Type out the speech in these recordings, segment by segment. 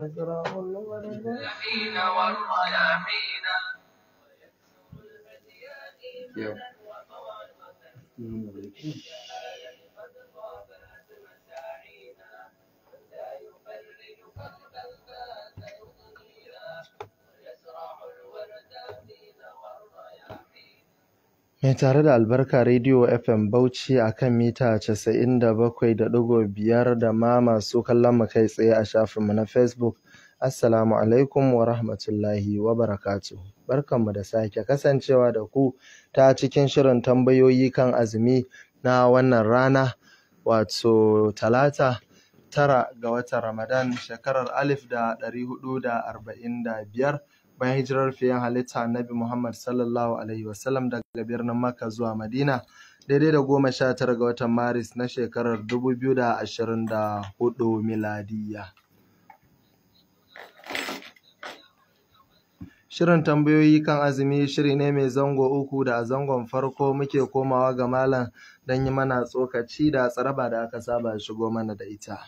الحين والقلمين ويكسر الهديان من الوفاء Mai tare da albarka Radio FM Bauchi a kan mita 97.5 da ma masu kallon mu kai tsaye a shafinmu na Facebook. Assalamu alaikum wa rahmatullahi wa barakatuh. Barkanmu da sake kasancewa da ku ta cikin shirin tambayoyi kan azumi na wannan rana wato talata tara ga watan Ramadan shekarar alif da ɗari da arba'in da bayan hijirar fiyan halitta annabi Muhammad sallallahu alaihi wasallam daga birnin Makka zuwa Madina daidai da goma sha tara ga watan Maris na shekarar dubu biyu da ashirin da hudu miladiya. Shirin tambayoyi kan azumi shiri ne mai zango uku da a zangon farko muke komawa ga malam don yi mana tsokaci da tsaraba da aka saba shigo mana da ita.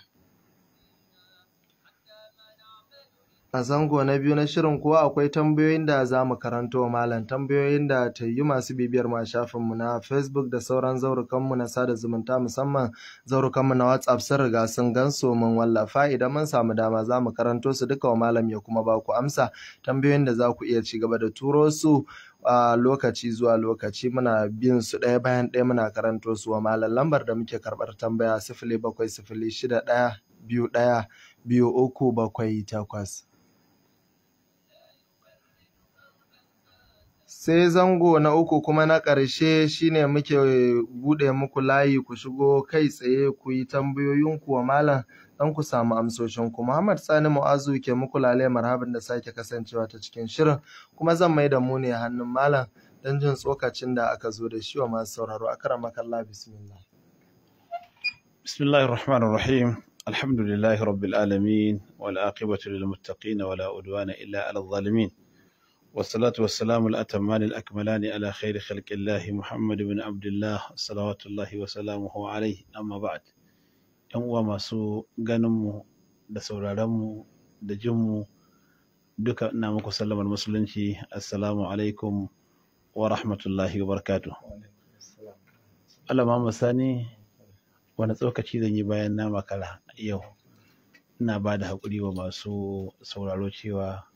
A zango na biyu na shirin kuwa akwai tambayoyin da za mu karanto wa malam tambayoyin da ta yi masu bibiyar ma shafinmu na Facebook da sauran zaurukanmu na sada zumunta musamman zaurukanmu na WhatsApp sun riga sun gan su mun wallafa idan mun samu dama za mu karanto su duka wa malam ya kuma ba ku amsa tambayoyin da za ku iya ci gaba da turo su a lokaci zuwa lokaci muna bin su ɗaya bayan ɗaya muna karanto su wa malam lambar da muke karɓar tambaya sifili bakwai sifili shida ɗaya biyu ɗaya biyu uku bakwai takwas. sai zango na uku kuma na ƙarshe shine muke buɗe muku layi ku shigo kai tsaye ku yi ku wa malam don ku samu amsoshin ku Muhammad Sani Mu'azu ke muku lale marhaban da sake kasancewa ta cikin shirin kuma zan mai da mu ne hannun malam don jin tsokacin da aka zo da shi wa masu sauraro akara makalla bismillah bismillahir rahmanir rahim alhamdulillahi rabbil alamin wal aqibatu lil muttaqin wala udwana illa alal zalimin والصلاة والسلام الأتمان الأكملان على خير خلق الله محمد بن عبد الله صلوات الله وسلامه عليه أما بعد ‘yan uwa masu ganinmu da sauraronmu da jinmu duka ina muku sallamar musulunci assalamu alaikum wa rahmatullahi wa barkatu Alamama sani wani tsokaci zan yi bayan na makara yau ina ba da haƙuri wa masu sauraro cewa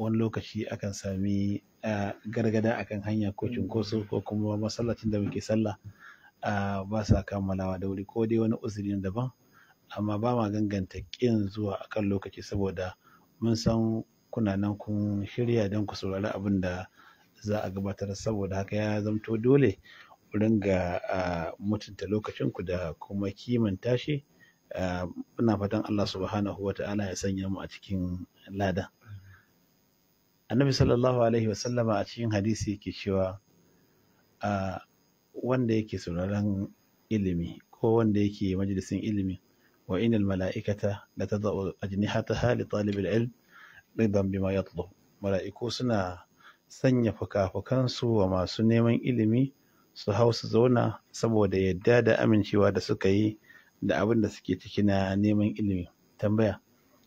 wani lokaci akan sami gargada akan hanya ko cunkoso ko kuma masallacin da muke sallah ba sa kammalawa da wuri ko dai wani uzuri daban amma ba ma ganganta ƙin zuwa akan lokaci saboda mun san kuna nan kun shirya don ku saurari abin da za a gabatar saboda haka ya zamto dole ku ringa mutunta lokacinku da kuma kimanta shi muna fatan Allah subhanahu wa ta'ala ya sanya mu a cikin ladan. annabi sallallahu alaihi wasallama a cikin hadisi yake cewa a wanda yake sauraron ilimi ko wanda yake majalisin ilimi wa inal mala'ikata la tad'u ajnihataha li al ilm ridan bima yatlub mala'iku suna sanya fukafukan su wa masu neman ilimi su hau su zauna saboda yadda da amincewa da suka yi da abin da suke ciki na neman ilimi tambaya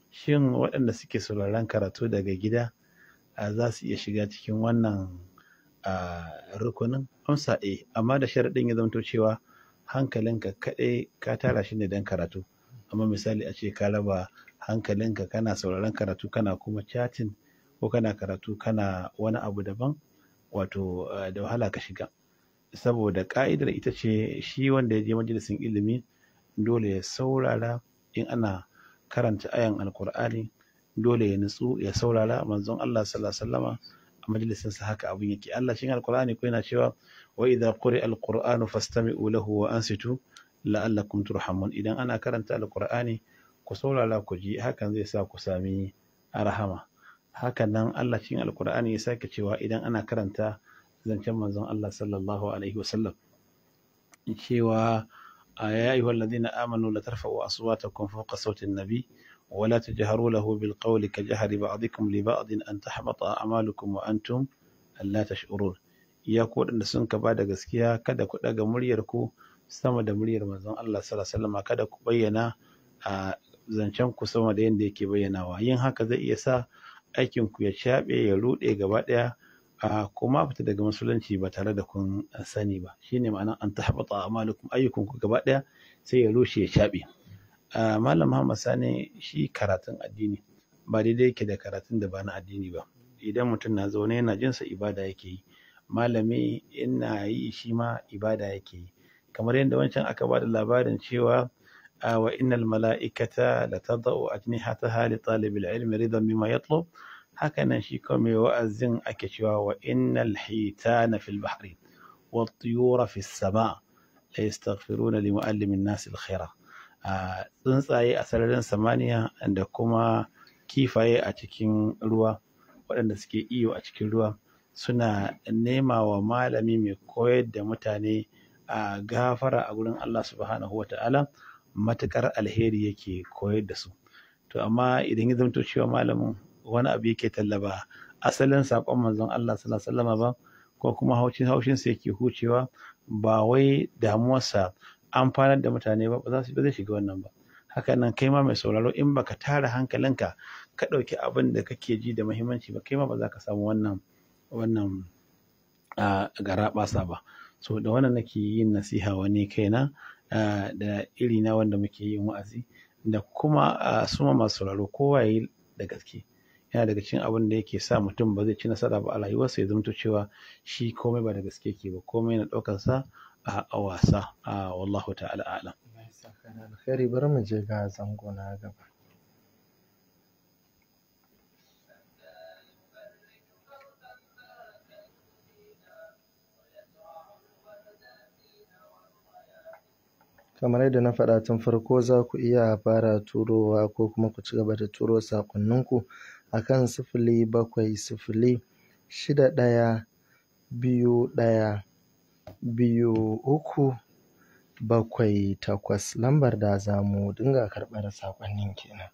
shin waɗanda suke sauraron karatu daga gida za su iya shiga cikin wannan rukunin amsa e amma da sharaɗin ya zamto cewa hankalinka kaɗai ka tara shi ne don karatu amma misali a ce ka raba hankalinka kana sauraron karatu kana kuma chatin ko kana karatu kana wani abu daban wato da wahala ka shiga saboda ƙa'idar ita ce shi wanda ya je majalisin ilimi dole ya saurara in ana karanta ayan alkur'ani dole ya nutsu ya saurara manzon Allah sallallahu alaihi wasallama a majalisin sa haka abun yake Allah shi alqur'ani ko yana cewa wa idza quri'a alqur'anu fastami'u lahu wa ansitu la'allakum turhamun idan ana karanta alqur'ani ku saurara ku ji hakan zai sa ku sami arhama hakan nan Allah shi alqur'ani ya sake cewa idan ana karanta zancen manzon Allah sallallahu alaihi wasallam cewa ayyuhallazina amanu la tarfa'u aswatakum fawqa sawti an-nabi ولا تجهروا له بالقول كجهر بعضكم لبعض أن تحبط أعمالكم وأنتم لا تشعرون ya ku waɗanda sun ka bada gaskiya kada ku ɗaga muryarku sama da muryar manzon Allah sallallahu alaihi kada ku bayyana a zancen ku sama da yadda yake bayyanawa yin haka zai iya sa aikinku ya shaɓe ya ruɗe gaba kuma fita daga musulunci ba tare da kun sani ba shine ma'anar an tahbata amalukum ayyukum ku gaba ɗaya sai ya rushe ya shaɓe malam Muhammad Sani shi karatun addini ba daidai yake da karatun da ba na addini ba idan mutum na zaune yana jin sa ibada yake yi malami ina yi shi ma ibada yake yi kamar yadda wancan aka bada labarin cewa wa innal mala'ikata la tadau ajnihataha li talibil ilmi ridan mimma yatlub hakanan shi kuma mai wa'azin ake cewa wa innal hitana fil bahri wat tiyura fis sama la yastaghfiruna li muallimin nas al khaira a tsuntsaye a sararin samaniya da kuma kifaye a cikin ruwa waɗanda suke iyo a cikin ruwa suna nema wa malami mai koyar da mutane a gafara a gurin Allah subhanahu wa ta'ala matuƙar alheri yake koyar da su to amma idan ya zamto cewa malamin wani abu yake tallaba asalin saƙon manzon Allah sallallahu alaihi ba ko kuma haushin haushin sa yake hucewa ba wai damuwarsa amfanar da mutane ba ba zai shiga wannan ba haka nan kai ma mai sauraro in ba ka tara hankalinka ka ɗauki abin da kake ji da muhimmanci ba kai ma ba za ka samu wannan wannan gara ba so da wannan nake yin nasiha wani kaina da iri na wanda muke yin wa'azi da kuma suma masu sauraro kowa da gaske yana daga cikin abin da yake sa mutum ba zai ci nasara ba a rayuwarsa ya zamto cewa shi komai ba da gaske ke ba komai na ɗaukar sa a wasa a wallahu ta'ala alam alkhairi bari mu je ga zango na gaba kamar yadda na faɗa tun farko za ku iya fara turowa ko kuma ku ci gaba da turo sakonninku a kan sifili bakwai sifili shida ɗaya biyu ɗaya biyu uku bakwai takwas lambar da za mu dinga karɓar saƙonnin kenan.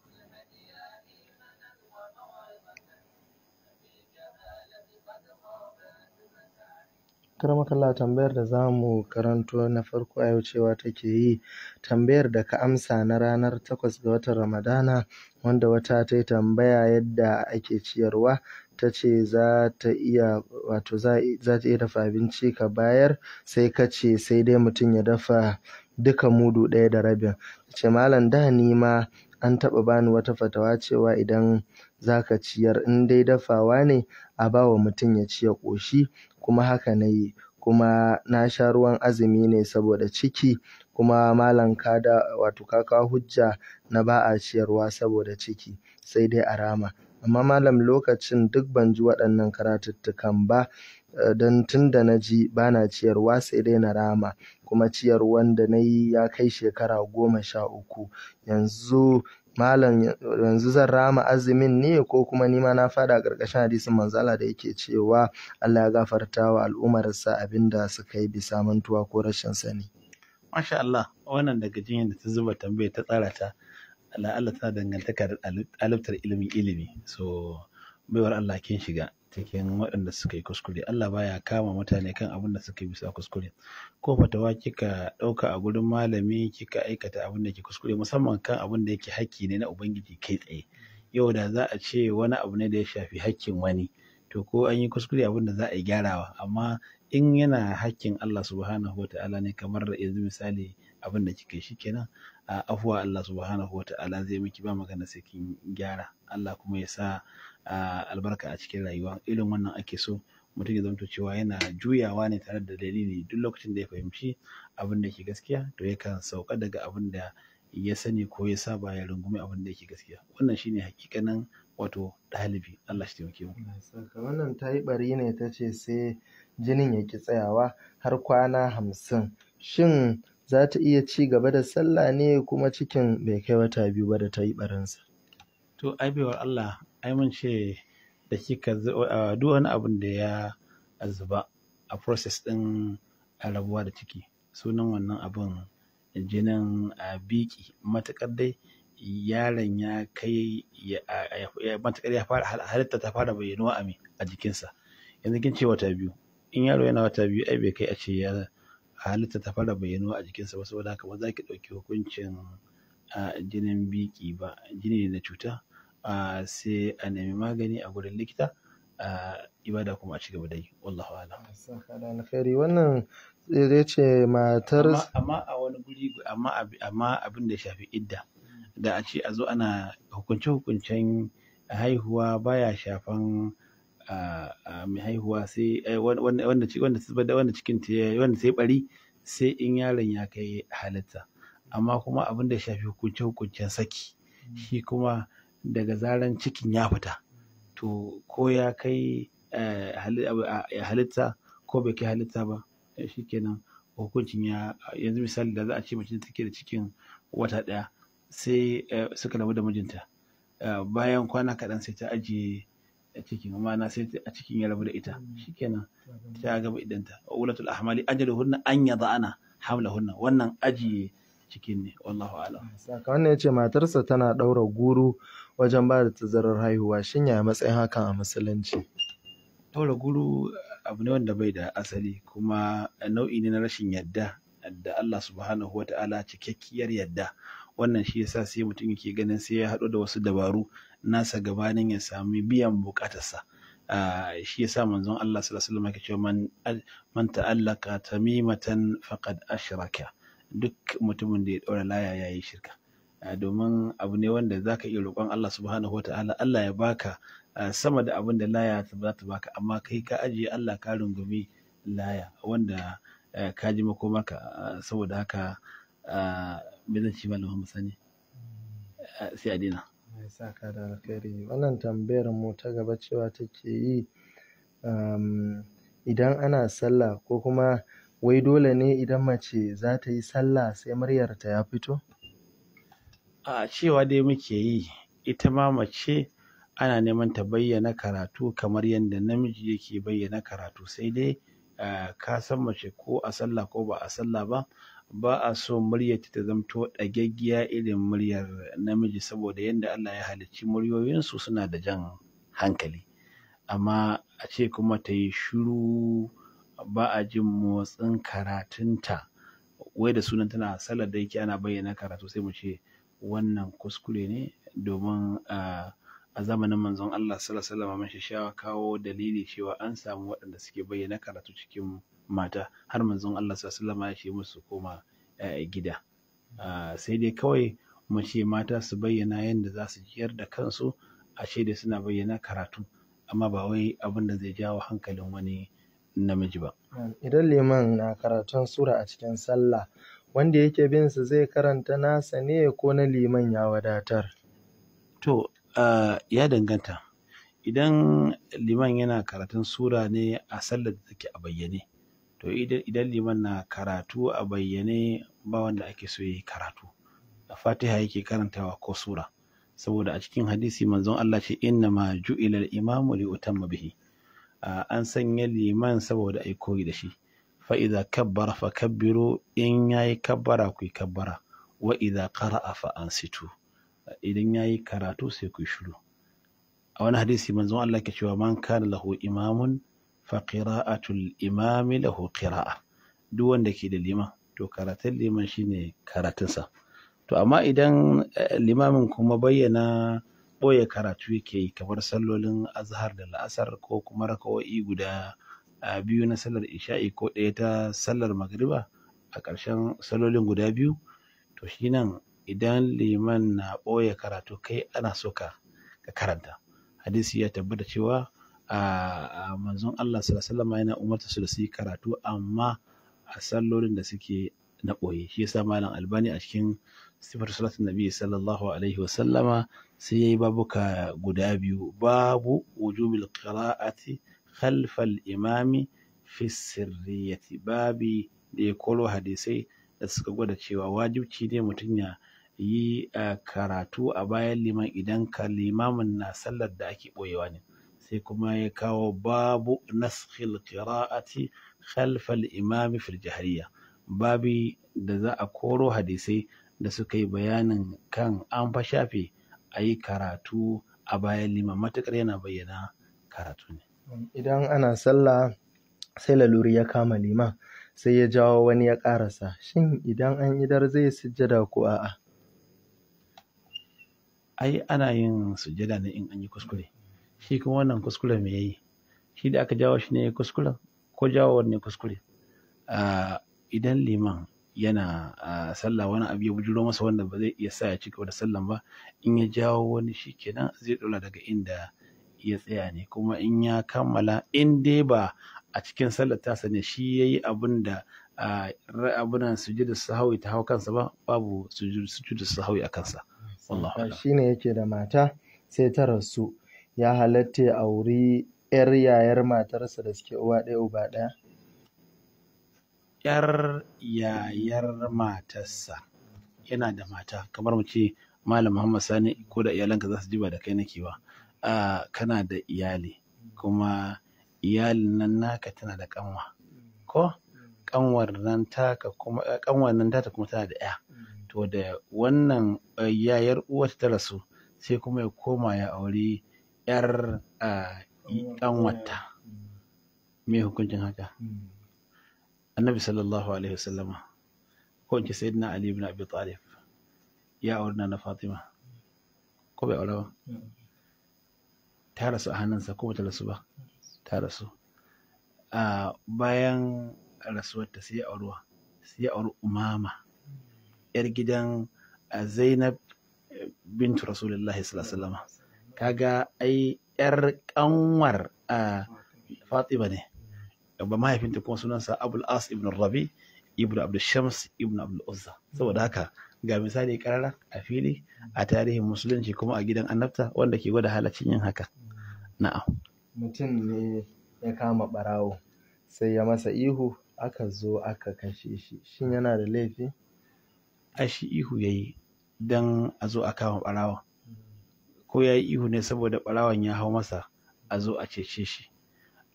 kalla, tambayar da za mu karanto na farko a yau cewa take yi tambayar da ka amsa na ranar takwas ga watan Ramadana wanda wata ta yi tambaya yadda ake ciyarwa ta ce za ta iya wato za iya dafa abinci ka bayar sai ka ce sai dai mutum ya dafa duka mudu ɗaya da rabin ce malam da ni ma an taɓa bani wata fatawa cewa idan za ka ciyar in dai dafawa ne a ba wa mutum ya ci ya ƙoshi kuma haka na yi kuma na sha ruwan azumi ne saboda ciki kuma malam ka da wato ka hujja na ba a ciyarwa saboda ciki sai dai a rama amma malam lokacin duk ban ji waɗannan karatuttukan ba eh, don tun da na ji ba na ciyarwa sai dai na rama kuma ciyarwan da na yi ya kai shekara goma sha uku yanzu malam yanzu zan rama azumin ne ko kuma ni ma na fada ƙarƙashin hadisin manzala da yake cewa Allah ya gafarta wa al'umarsa abinda suka yi bisa mantuwa ko rashin sani Masha Allah, wannan daga jinyar da ta zuba tambaya ta tsara ta Allah Allah tana dangantaka da aliftar ilimin ilimi. So, baiwar Allah kin shiga cikin waɗanda suka yi kuskure. Allah baya kama mutane kan abin da suka yi bisa kuskure. Ko fatawa kika ɗauka a gurin malami kika aikata abin da ke kuskure musamman kan abin da yake hakki ne na Ubangiji kai tsaye. Yau da za a ce wani abu ne da ya shafi hakkin wani. to ko an yi kuskure abin da za a yi gyarawa amma in yana hakkin Allah subhanahu wa ta'ala ne kamar yanzu misali abin da kike shi kenan a afuwa Allah subhanahu wa ta'ala zai miki ba magana sai kin gyara Allah kuma ya sa albarka a cikin rayuwa irin wannan ake so mutum ya zamto cewa yana juyawa ne tare da dalili duk lokacin da ya fahimci abin da ke gaskiya to yakan sauka daga abin da ya sani ko ya saba ya rungumi abin da yake gaskiya wannan shine hakikanin wato ɗalibi Allah shi taimake mu wannan ta yi ɓari ne ta ce sai jinin ya ki tsayawa har kwana hamsin shin za ta iya ci gaba da sallah ne kuma cikin bai kai wata biyu ba da ta yi barinsa to ai baiwar Allah ai mun ce da kika duk wani abun da ya zuba a process ɗin rabuwa da ciki sunan wannan abin jinin a biki matuƙar dai yaron ya kai matuƙar ya fara halitta ta fara bayyanuwa a a jikinsa yanzu kin ce wata biyu in yaro yana wata biyu ai bai kai a ce ya halitta ta fara bayyanuwa a jikinsa ba saboda haka ba za ki ɗauki hukuncin jinin biki ba jini ne na cuta sai a nemi magani a gurin likita ibada kuma a cigaba da yi wallahu alam wannan zai ce matar amma a wani guri amma abin da ya shafi idda da a ce a zo ana hukunce-hukuncen haihuwa baya shafan mai haihuwa sai eh, wanda cikin wanda sai bari sai in yaron ya kai halitta amma kuma abin da shafi hukunce-hukuncen saki shi kuma daga zaran cikin ya fita to ko ya kai eh, halitta ko bai kai halitta ba eh, shikenan hukuncin ya yanzu misali da za a ce mace take da cikin wata ɗaya sai eh, suka rabu da mijinta eh, bayan kwana kaɗan sai ta ajiye cikin ma'ana sai a cikin ya rabu da ita shikenan ta gaba idanta ulatul ahmali hunna an hamla hunna wannan ajiye cikin ne wallahu a'lam saka wannan yace matarsa tana daura guru wajen ba da tazarar haihuwa shin ya matsayin hakan a musulunci daura guru abu ne wanda bai da asali kuma nau'i ne na rashin yadda da Allah subhanahu wa ta'ala cikakkiyar yadda wannan shi yasa sai mutum yake ganin sai ya haɗu da wasu dabaru nasa gabanin ya sami biyan bukatarsa shi yasa manzon Allah sallallahu alaihi cewa man man ta'allaka tamimatan faqad ashraka duk mutumin da ya ɗaura laya yayi shirka domin abu ne wanda zaka iya roƙon Allah subhanahu wataala Allah ya baka sama da abin da laya za ta baka amma kai ka ajiye Allah ka rungumi laya wanda ka ji makomarka saboda haka Ah, zan ah, sai sa ka da alkhairi wannan tambayar mu ta gaba cewa take yi um, idan ana sallah ko kuma wai dole ne idan mace za ta yi sallah sai muryarta ya fito a cewa dai muke yi ita ma mace ana neman ta bayyana karatu kamar yadda namiji yake bayyana karatu sai dai ah, ka san mace ko a sallah ko ba a sallah ba ba a so muryarta ta zamto ɗagaggiya irin muryar namiji saboda yadda Allah ya halicci muryoyinsu suna da jan hankali amma a ce kuma ta yi shiru ba a jin motsin karatunta wai da sunan tana salar da yake ana bayyana karatu sai mu ce wannan kuskure ne domin a zamanin manzon Allah sallallahu alaihi wasallam man shi kawo dalili cewa an samu waɗanda suke bayyana karatu cikin mata har manzon Allah sallallahu alaihi ya ce musu koma eh, gida ah, sai dai kawai mu ce mata su bayyana yadda za su jiyar da kansu a da suna bayyana karatu amma ba wai abin da zai jawo hankalin wani namiji ba idan liman na karatun sura a cikin sallah wanda yake bin su zai karanta nasa ne ko na liman ya wadatar to ah, ya danganta idan liman yana karatun sura ne a sallar da take a bayyane to idan liman na karatu a bayyane ba wanda ake so yi karatu a fatiha yake karantawa ko sura saboda a cikin hadisi manzon Allah ce inna ma ju'ila imamu li utamma bihi an sanya liman saboda ai koyi da shi fa idza kabbara fa kabbiru in yayi kabbara ku kabbara wa idza qara'a fa ansitu idan yayi karatu sai ku shiru a wani hadisi manzon Allah ke cewa man kana lahu imamun fa qira'atul imami lahu ƙira'a duk wanda ke da liman to karatun liman shine karatunsa to amma idan eh, limamin kuma bayyana ɓoye karatu yake yi kamar sallolin azhar da la'asar ko kuma raka'o'i guda eh, biyu na sallar isha'i ko ɗaya ta sallar magriba a ƙarshen sallolin guda biyu to shi nan idan liman na ɓoye karatu kai ana so ka karanta hadisi ya tabbata cewa a manzon Allah sallallahu alaihi yana umarta su da su yi karatu amma a sallolin da suke na ɓoye shi yasa malam albani a cikin sifar salatun nabi sallallahu alaihi wasallama sai yayi babuka guda biyu babu wujubil qira'ati khalfal imami fi sirriyati babi da ya kolo hadisai da suka gwada cewa wajibci ne mutum ya yi eh, karatu a bayan liman idan kalimamin na sallar da ake ɓoyewa ne sai kuma ya kawo babu naskhil qira'ati khalf al-imam fil jahriya babi da za a koro hadisai da suka yi bayanin kan an fa shafe a yi karatu a bayan lima matuƙar yana bayyana karatu ne idan ana sallah sai laluri ya kama liman sai ya jawo wani ya ƙarasa shin idan an idar zai sujjada ko a'a ai ana yin sujjada ne in an yi kuskure shi kuma wannan kuskuren me yi. shi da aka jawo shi ne kuskuren ko jawo wani kuskure idan liman yana sallah wani abu ya bujuro masa wanda ba zai iya sa ya ci gaba da sallan ba in ya jawo wani shi kenan zai dora daga inda ya tsaya ne kuma in ya kammala in dai ba a cikin sallar tasa ne shi ya yi abin da abunan su sahawi ta hau kansa ba babu da su sahawi a kansa. Shi ne yake da mata sai ta rasu ya halatta ya auri 'yar yayar matarsa da suke uwa ɗaya uba ɗaya? 'Yar yayar matarsa yana da mata kamar mu ce Malam Muhammad Sani ko da iyalanka za su ji ba da kai nake ba. Uh, kana da iyali kuma iyalin nan naka tana da kanwa ko kanwar nan taka kuma tana da ya to da wannan eh, yayar uwar ta rasu sai kuma ya koma ya auri 'yar dan wata me hukuncin haka annabi sallallahu alaihi wasallama ko in sayyidina ali ibn abi talib ya aurna na fatima ko bai aure ba ta rasu a hannunsa ko bata rasu ba ta rasu a bayan rasuwarta sai ya aurewa sai ya auri umama yar gidan zainab bintu rasulullahi sallallahu alaihi wasallama kaga ai yar kanwar Fatima ne ba mahaifinta kuma sunansa Abul As ibn Rabi ibn Abdul Shams ibn Abdul Uzza saboda haka ga misali karara a fili a tarihin musulunci kuma a gidan annabta wanda ke gwada halacin yin haka na'am mutum ne ya kama barawo sai ya masa ihu aka zo aka kashe shi shin yana da laifi a shi ihu yayi dan a zo a kama barawon ko ya yi ihu ne saboda ɓarawan ya hau masa a zo a cece shi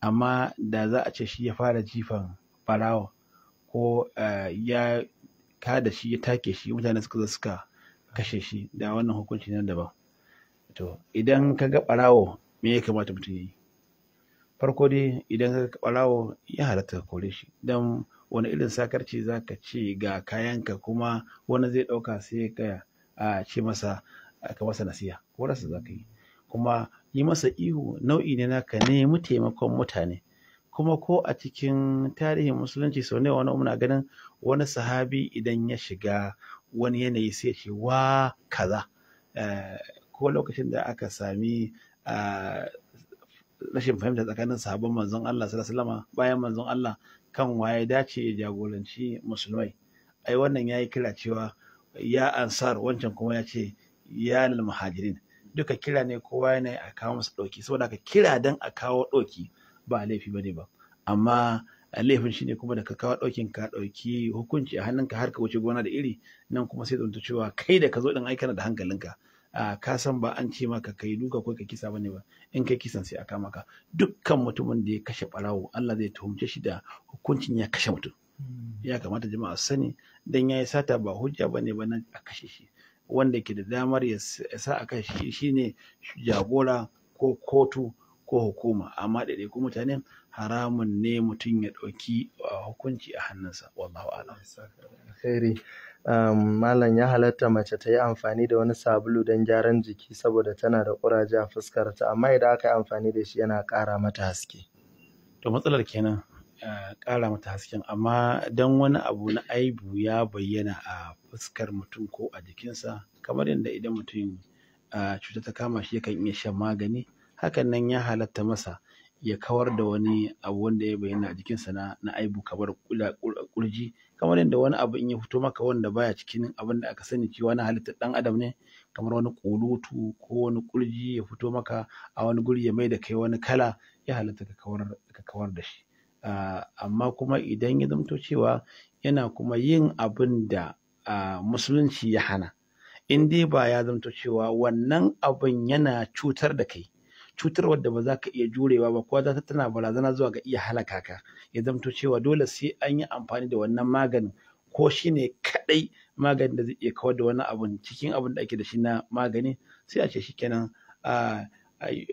amma da za a ce shi ya fara jifan ɓarawa ko eh, ya kada shi ya take shi mutane suka zo suka kashe shi da wannan hukunci na daban to idan ka ga ɓarawo me ya kamata mutum ya yi farko dai idan ka ga ɓarawo ya halatta kore shi don wani irin sakarci za ka ce ga kayanka kuma wani zai ɗauka sai ya ce masa aka masa nasiha rasa za ka yi kuma yi masa ihu nau'i ne naka nemi taimakon mutane kuma ko a cikin tarihin musulunci sau ne wani muna ganin wani sahabi idan ya shiga wani yanayi sai ce wa kaza eh, ko lokacin da aka sami eh, rashin fahimta tsakanin sahabban manzon Allah sallallahu bayan manzon Allah kan waye dace ya jagoranci musulmai ai wannan yayi kira cewa ya ansar wancan kuma ya ce iyalin muhajirin duka kira ne kowa yana a kawo masa ɗauki saboda ka kira dan a kawo ɗauki ba laifi bane ba amma laifin shi ne kuma da ka kawo ɗaukin ka ɗauki hukunci a hannunka har ka wuce gona da iri nan kuma sai zanto cewa kai da ka zo ɗin aikana da hankalinka ka san ba an ce maka kai duka ko ka kisa bane ba in kai kisan sai a kama ka dukkan mutumin da ya kashe ɓarawo Allah zai tuhumce shi da hukuncin ya kashe mutum ya kamata jama'a sani dan yayi sata ba hujja bane ba nan a kashe shi wanda ke da damar ya sa a kan shi shine jagora ko kotu ko hukuma amma daidai ko mutane haramun ne mutum ya ɗauki hukunci a hannunsa wallahu alam um, malam ya halatta mace ta yi amfani da wani sabulu don gyaran jiki saboda tana da ƙuraje a fuskarta amma idan aka yi amfani da shi yana ƙara mata haske to matsalar kenan ƙara mata hasken amma don wani abu na aibu ya bayyana a fuskar mutum ko a jikinsa kamar yadda idan mutum cuta ta kama shi yakan iya shan magani hakan nan ya halatta masa ya kawar da wani abu wanda ya bayyana a jikinsa na, na aibu kamar kurji kamar yadda wani abu in ya fito maka wanda baya cikin abin da aka sani cewa na halittar ɗan adam ne kamar wani kulutu ko wani kurji ya fito maka a wani guri ya mai da kai wani kala ya halatta ka kawar da shi amma kuma idan ya zamto cewa yana kuma yin abin da musulunci ya hana in dai ba ya zamto cewa wannan abin yana cutar da kai cutar wadda ba za ka iya jurewa ba ko za ta tana barazana zuwa ga iya halaka ka ya zamto cewa dole sai an yi amfani da wannan maganin ko shi ne kaɗai maganin da zai iya kawar da wani abin, cikin abin da ake da shi na magani sai a ce shi kenan sai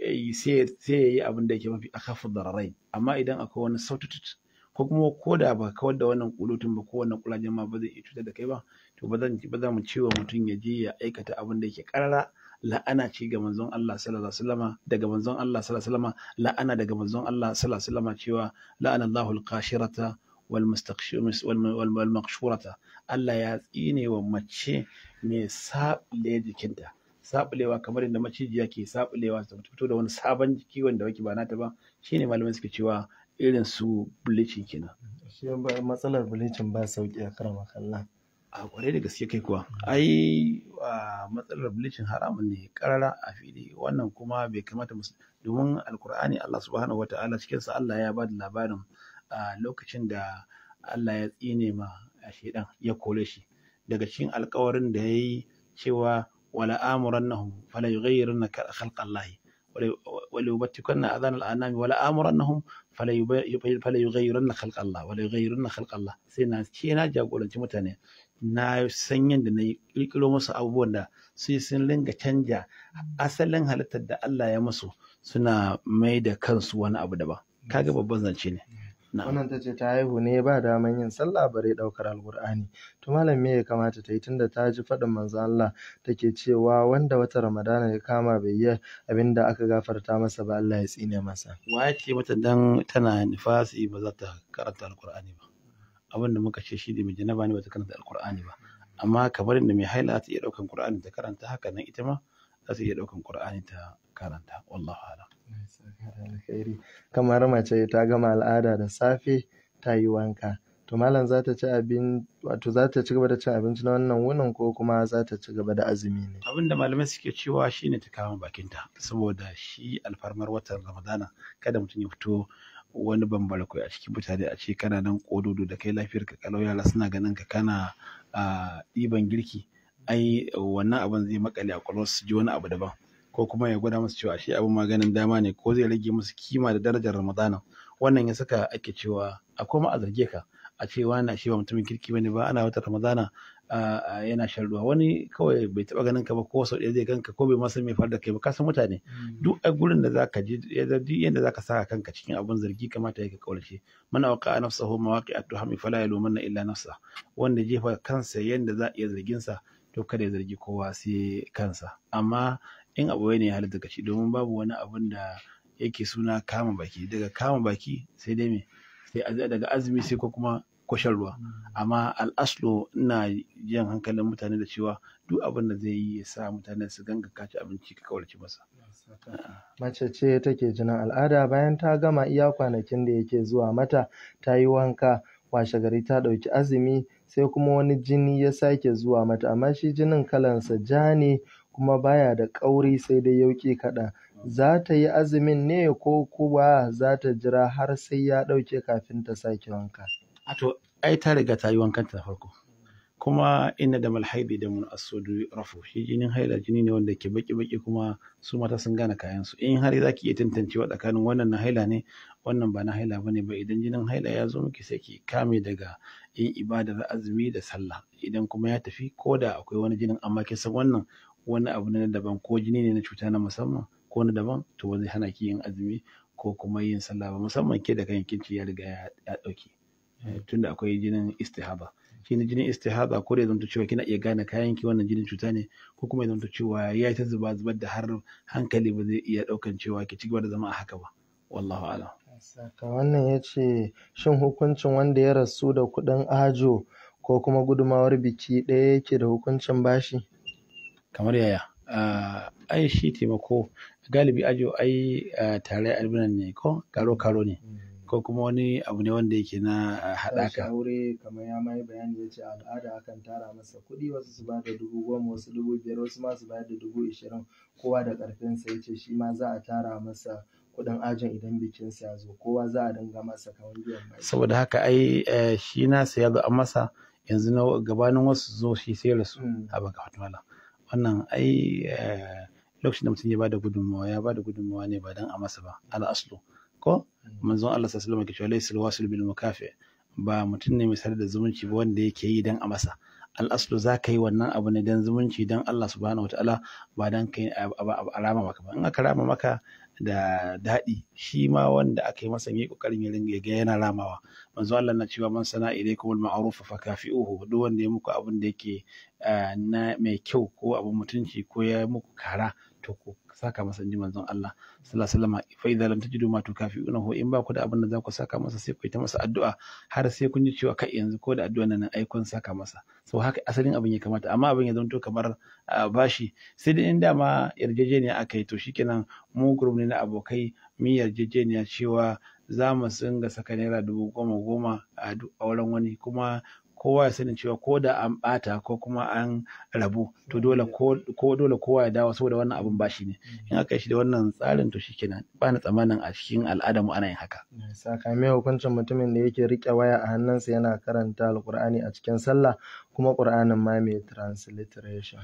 ya yi abin da yake mafi akhafu dararai amma idan akwai wani substitute ko kuma ko da ba kawar da wannan kulutun ba ko wannan kulajen ma ba zai iya cutar da kai ba to ba zan ba za mu cewa mutum ya je ya aikata abin da yake karara la'ana ce ga manzon Allah sallallahu alaihi wasallama daga manzon Allah sallallahu alaihi wasallama la'ana daga manzon Allah sallallahu alaihi wasallama cewa la'ana Allahul qashirata wal maqshurata Allah ya tsine wa mace mai saɓile jikinta Saɓulewa kamar yadda macijiya ke saɓulewa ta fito da wani sabon jiki wanda wake ba nata ba shine malamai suke cewa irin su bleaching kenan shi matsalar bleaching ba sauki a karan kalla a kwarai da gaske kai kuwa mm. ai matsalar bilicin haramun ne karara a fili wannan kuma bai kamata domin alkur'ani Allah subhanahu wataala cikin sa Allah ya ba da labarin lokacin da Allah ya tsine ma shedan ya kore shi daga cikin alkawarin da ya yi cewa wala amuran amurannahum fala yughayyiranna khalqa Allah wala yubtikanna adhan al-anami wala amuran amurannahum fala fala yughayyiranna khalqa Allah wala yughayyiranna khalqa Allah sai na ce na jagoranci mutane na san da na yi kirkiro masu abubuwan da su yi sun ringa canja asalin halittar da Allah ya masu suna mai da kansu wani abu daban kaga babban zance ne wannan ta ce ta haihu ne ba daman yin sallah bare ɗaukar alkur'ani to malam me ya kamata ta yi tunda ta ji faɗin manzo Allah take cewa wanda wata ramadana ya kama bai yi abinda aka gafarta masa ba Allah ya tsine masa waye ce mata dan tana nifasi ba za ta karanta alkur'ani ba abin muka ce shi da mai janaba ne ba ta karanta alkur'ani ba amma kamar da mai haila ta iya ɗaukan qur'ani ta karanta haka nan ita ma za ta iya ɗaukan qur'ani ta karanta wallahu a'lam Kamar mace ta gama al'ada da safe ta yi wanka. To malam za ta ci abin wato za ta ci gaba da cin abinci na wannan wunin ko kuma za ta ci gaba da azumi ne? Abin da malamai suke cewa shi ne ta kama bakinta saboda shi alfarmar watan Ramadana kada mutum ya fito wani bambara a cikin mutane a ce kana nan ƙododo da kai lafiyar ka kalau yara suna ganin ka kana ah, ɗiban girki ai wannan abin zai makale a kwakwalwar su ji wani abu daban. ko kuma ya gwada musu cewa shi abin maganin dama ne ko zai rage musu kima da darajar ramadana wannan ya saka ake cewa a koma a zarge ka a ce na shi ba mutumin kirki bane ba ana wata ramadana yana shan ruwa wani kawai bai taba ganin ka ba ko sau ɗaya zai ganka ko bai masa mai farda faru da kai ba ka san mutane mm. duk a gurin da zaka je duk yanda zaka saka kanka cikin abin zargi kamata ya ka kaulace mana waqa nafsahu mawaki a tuhami fala na illa nafsa wanda jefa kansa yadda za a iya zargin sa to kada ya zargi kowa sai kansa amma in abu ne ya halatta kashi domin babu wani abun da yake suna kama baki daga kama baki sai dai me sai daga azumi sai ko kuma ko ruwa amma al'aslo ina jan hankalin mutane da cewa duk abin da zai yi ya sa mutane su ganga kaci abinci ka kawarci masa mace ce take jinin al'ada bayan ta gama iya kwanakin da yake zuwa mata ta yi wanka washe gari ta ɗauki azumi sai kuma wani jini ya sake zuwa mata amma shi jinin kalansa ja ne kuma baya da ƙauri sai dai yauƙi kaɗan. Za ta yi azumin ne ko kuwa za ta jira har sai ya ɗauke kafin ta sake wanka? A to, ai ta riga ta yi wankan ta farko. Kuma inna da malhaidi da mun asudu rafu shi jinin haila jini ne wanda ke baki baki kuma su mata sun gane kayan su in har zaki iya tantancewa tsakanin wannan na haila ne wannan ba na haila bane ba idan jinin haila ya zo miki sai ki kame daga yin ibadar azumi da sallah idan kuma ya tafi ko da akwai wani jinin amma kin san wannan wani abu ne na daban ko jini ne na cuta na musamman ko na daban to wani hana ki yin azumi ko kuma yin sallah ba musamman ke da kanki ki ya riga ya dauke eh, tunda akwai jinin istihaba shi ne jinin istihaba ko da zanto cewa kina iya gane kayan ki wannan jinin cuta ne ko kuma ya zanto cewa ya ta zuba zubar da har hankali ba zai iya daukan cewa ki gaba da zama a haka ba wallahu a'lam saka wannan ya ce shin hukuncin wanda ya rasu da kuɗin ajo ko kuma gudumawar biki ɗaya yake da hukuncin bashi kamar yaya ai shi taimako galibi ajo ai tare albinan ne ko karo karo ne hmm. ko kuma wani abu ne wanda yake na haɗaka. aure kamar ya mai bayani ya ce al'ada akan tara masa kuɗi wasu su bada dubu goma wasu dubu biyar wasu ma su bada dubu ishirin kowa da ƙarfin sa ya ce shi ma za a tara masa kuɗin ajin idan bikin sa ya zo kowa za a dinga masa kamar biyan saboda haka ai shi nasa ya zo an masa yanzu gabanin wasu zo shi sai rasu hmm. a baka wata wannan ai eh, lokacin da mutum ya bada gudunmawa ya bada gudunmawa ne ba dan a masa ba ala aslo ko hmm. manzon Allah sallallahu alaihi wasallam ke cewa laysa wasil bil mukafi ba mutum ne misali da zumunci ba wanda yake yi dan a masa al aslu za ka yi wannan abu ne dan zumunci dan Allah subhanahu wataala ba dan kai a rama maka ba in aka rama maka da daɗi shi ma wanda aka yi masa yi ƙoƙarin ya ringa ga yana ramawa manzo Allah na cewa man sana ilaikum kuma maruf fa kafi'uhu duk wanda ya muku abin da yake eh, na mai kyau ko abin mutunci ko ya muku kara to ku saka masa inji manzon Allah sallallahu alaihi wasallam fa idza lam tajidu ma in ba ku da abin da za ku saka masa sai ku yi ta masa addu'a har sai kun ji cewa kai yanzu ko da addu'a nan ai kun saka masa so haka asalin abin ya kamata amma abin ya zanto kamar bashi sai dai in dama yarjejeniya aka yi to shikenan mu group ne na abokai mun yarjejeniya cewa za mu singa saka naira dubu goma goma a wurin wani kuma kowa ya sani cewa ko da an ɓata ko kuma an rabu to dole ko dole kowa ya dawo saboda wannan abin ba shi ne in aka yi shi da wannan tsarin to shi kenan ba na tsammanin a cikin al'adar mu ana yin haka sakamakon hukuncin mutumin da yake rike waya a hannunsa yana karanta alƙur'ani a cikin sallah kuma qur'anin ma mai transliteration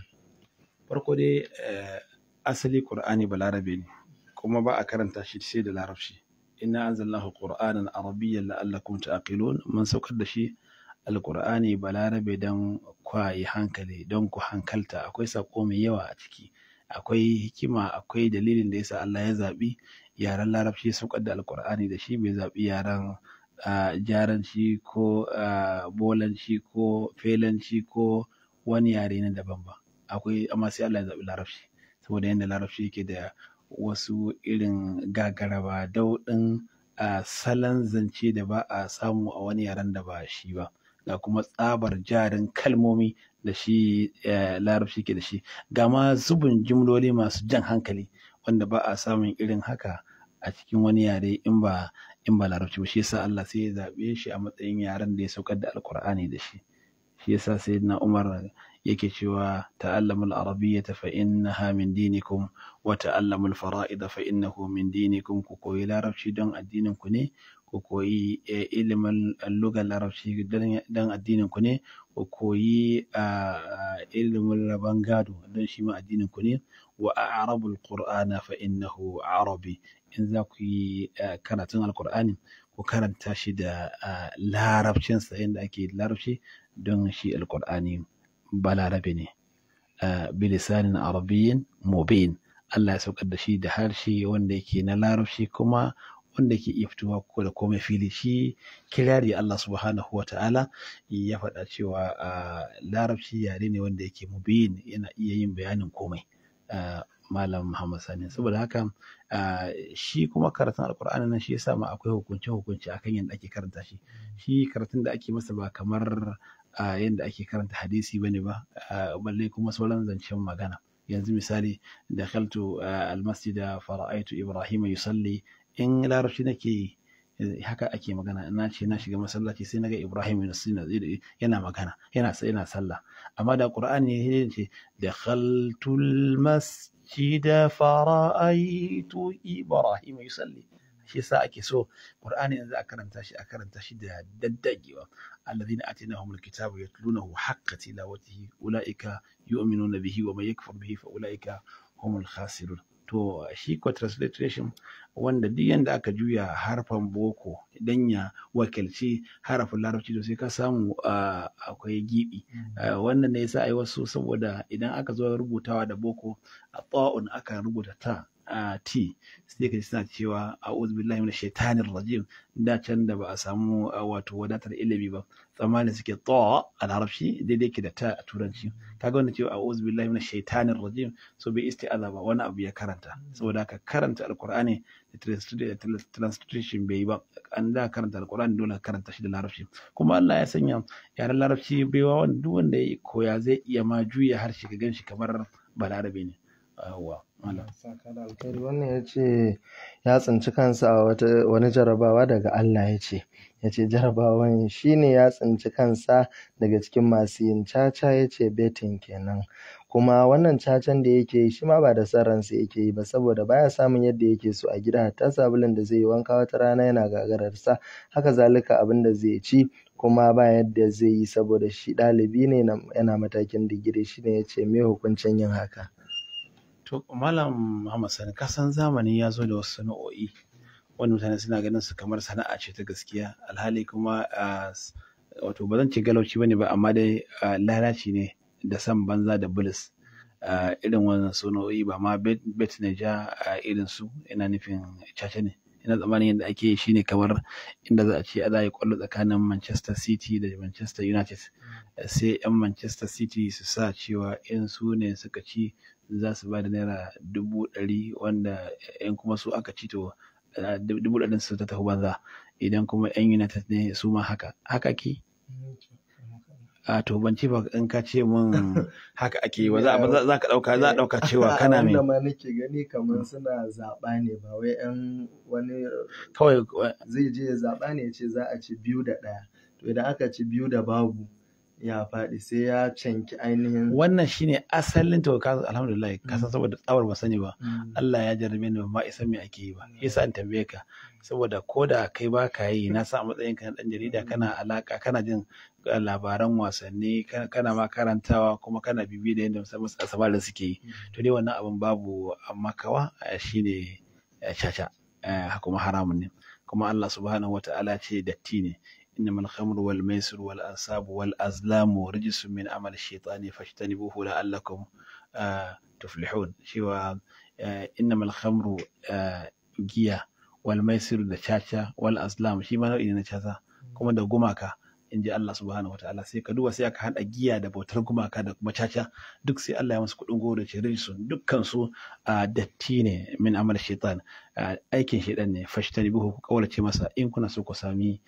farko dai eh, asali ƙur'ani balarabe ne kuma ba a karanta shi sai da larabci inna anzalnahu qur'anan arabiyyan la'allakum ta'qilun mun saukar da shi alkur'ani balarabe don yi hankali don ku hankalta akwai sako mai yawa a ciki akwai hikima akwai dalilin da ya sa Allah ya zaɓi yaren larabci su da Alƙur'ani da shi bai zaɓi yaren jaranci ko bolanci ko felanci ko wani yare na daban ba akwai amma sai Allah ya zaɓi larabci saboda yadda larabci yake da wasu irin gagaraba daudin salon zance da ba a samu a wani yaren da ba shi ba ga kuma tsabar jarin kalmomi da shi eh, larabci ke da shi ga ma zubin jimloli masu jan hankali wanda ba a samun irin haka a cikin wani yare in ba in ba larabci ba shi yasa Allah sai ya zaɓe shi a matsayin yaren da ya saukar da alkur'ani da shi shi yasa sayyidina Umar yake cewa ta'allamul arabiyyata fa innaha min dinikum wa ta'allamul fara'ida fa innahu min dinikum ku koyi larabci don addinin ku ne ku koyi eh, ilimin eh, lugar larabci don addinin ku ne ku koyi ah, ilimin rabon gado don shi ma addinin ku ne wa arabul qur'ana fa innahu arabi in za ku yi eh, karatun alqur'ani ku karanta shi da ah, larabcinsa yanda ake larabci don shi alqur'ani ba larabe ne ah, bilisanin arabiyyin mubin Allah ya saukar da shi da harshe wanda yake na larabci kuma wanda ke iya fitowa ko da komai fili shi kirari Allah subhanahu wa ta'ala ya faɗa cewa larabci yare ne wanda yake mubiyin yana iya yin bayanin komai malam Muhammad Sani saboda haka shi kuma karatun alkur'ani nan shi yasa ma akwai hukunce hukunce akan yadda ake karanta shi shi karatun da ake masa ba kamar yadda ake karanta hadisi bane ba balle kuma sauran zancen magana yanzu misali da kaltu almasjida fara'aitu ibrahima yusalli in larabci nake haka ake magana ina ce na shiga masallaci sai naga na ga Ibrahim yana magana yana sai yana sallah amma da Qur'ani ne ce dakhaltul masjida fara'aitu Ibrahim yusalli shi yasa ake so Qur'ani yanzu a karanta shi a karanta shi da daddagewa alladhina atainahum alkitaba yatlunahu haqqa tilawatihi ulaika yu'minuna bihi wa man yakfur bihi fa ulaika humul khasirun to shi ko transliteration wanda duk yanda aka juya harfan boko idan ya wakilci harafin larabci to sai ka samu akwai gibi mm. wannan ne yasa ai wasu saboda idan aka zo rubutawa da boko a ta'un aka rubuta ta a t sai ka ji suna cewa a'udhu billahi minash shaitanir rajim da can da ba a samu wato wadatar ilimi ba tsammanin suke tsawa a larabci daidai ke da ta a turanci ta wannan cewa a'udhu billahi na shaitanin rajim so bai isti'aza ba wani abu ya karanta saboda ka karanta alqur'ani da translation bai yi ba an da karanta alqur'ani dole ka karanta shi da larabci kuma Allah ya sanya yaren larabci baiwa wanda duk wanda ya koya zai iya ma juya harshe ka ganshi kamar balarabe ne yawwa wannan ya ce ya tsinci kansa a wani jarabawa daga Allah ya ce ya ce jarabawan shi ne ya tsinci kansa daga cikin masu yin caca ya ce betin kenan kuma wannan cacan da yake yi shi ma ba da son ransa yake yi ba saboda baya samun yadda yake so a gida hatta sabulun da zai yi wanka wata rana yana gagararsa haka zalika abin da zai ci kuma ba yadda zai yi saboda shi ɗalibi ne yana matakin digiri shine ya ce me hukuncin yin haka Malam Muhammad Sani ka san zamani ya zo da wasu sana'o'i wanda mutane suna ganin su kamar sana'a ce ta gaskiya alhali kuma wato ba zan ce galauci bane ba amma dai lalaci ne da san banza da bulis irin wannan sana'o'i ba ma bet na ja irin su ina nufin caca ne. ina tsammanin yadda ake shi ne kamar inda za a ce a yi kwallo tsakanin Manchester City da Manchester United sai 'yan Manchester City su sa cewa in su ne suka ci za su ba da naira dubu ɗari wanda in kuma su aka ci to eh, dubu ɗarin su ta tafi banza idan kuma 'yan United ne su ma haka haka ki to ban ci ba in ka ce mun haka ake ba za za ka dauka za dauka cewa kana me ma nake gani kamar suna zaba ne ba wai an wani kawai zai je ya zaba ne ya ce za a ci biyu da daya to idan aka ci biyu da babu ya faɗi sai ya canki ainihin wannan shine asalin to ka alhamdulillah ka san mm. saboda tsawar ba sani ba mm. Allah ya jarrabe ni ba isa me ake yi ba mm. yasa an tambaye ka saboda ko da kai ba ka yi na sa matsayin ka na dan jarida kana alaka kana jin labaran wasanni kana ma karantawa kuma kana bibiyar yadda musamman asaba da suke yi mm-hmm. to ne wannan abin babu amma kawa eh, shi ne eh, caca eh, kuma haramun ne kuma Allah subhanahu wa ta'ala ce datti ne inna man khamru wal maisir wal ansab wal azlam rijsun min amal shaytani fashtanibuhu la'allakum tuflihun cewa inna man khamru giya wal maisir da caca wal azlam shi ma nau'i na caca mm-hmm. kuma da gumaka in ji Allah subhanahu wa ta'ala sai ka duba sai aka haɗa giya da bautar gumaka da kuma caca duk sai Allah ya masu kuɗin goro ce rijsun dukkan su a datti ne min amal shaitan aikin shaitan ne fashtani buhu ku kaurace masa in kuna so ku sami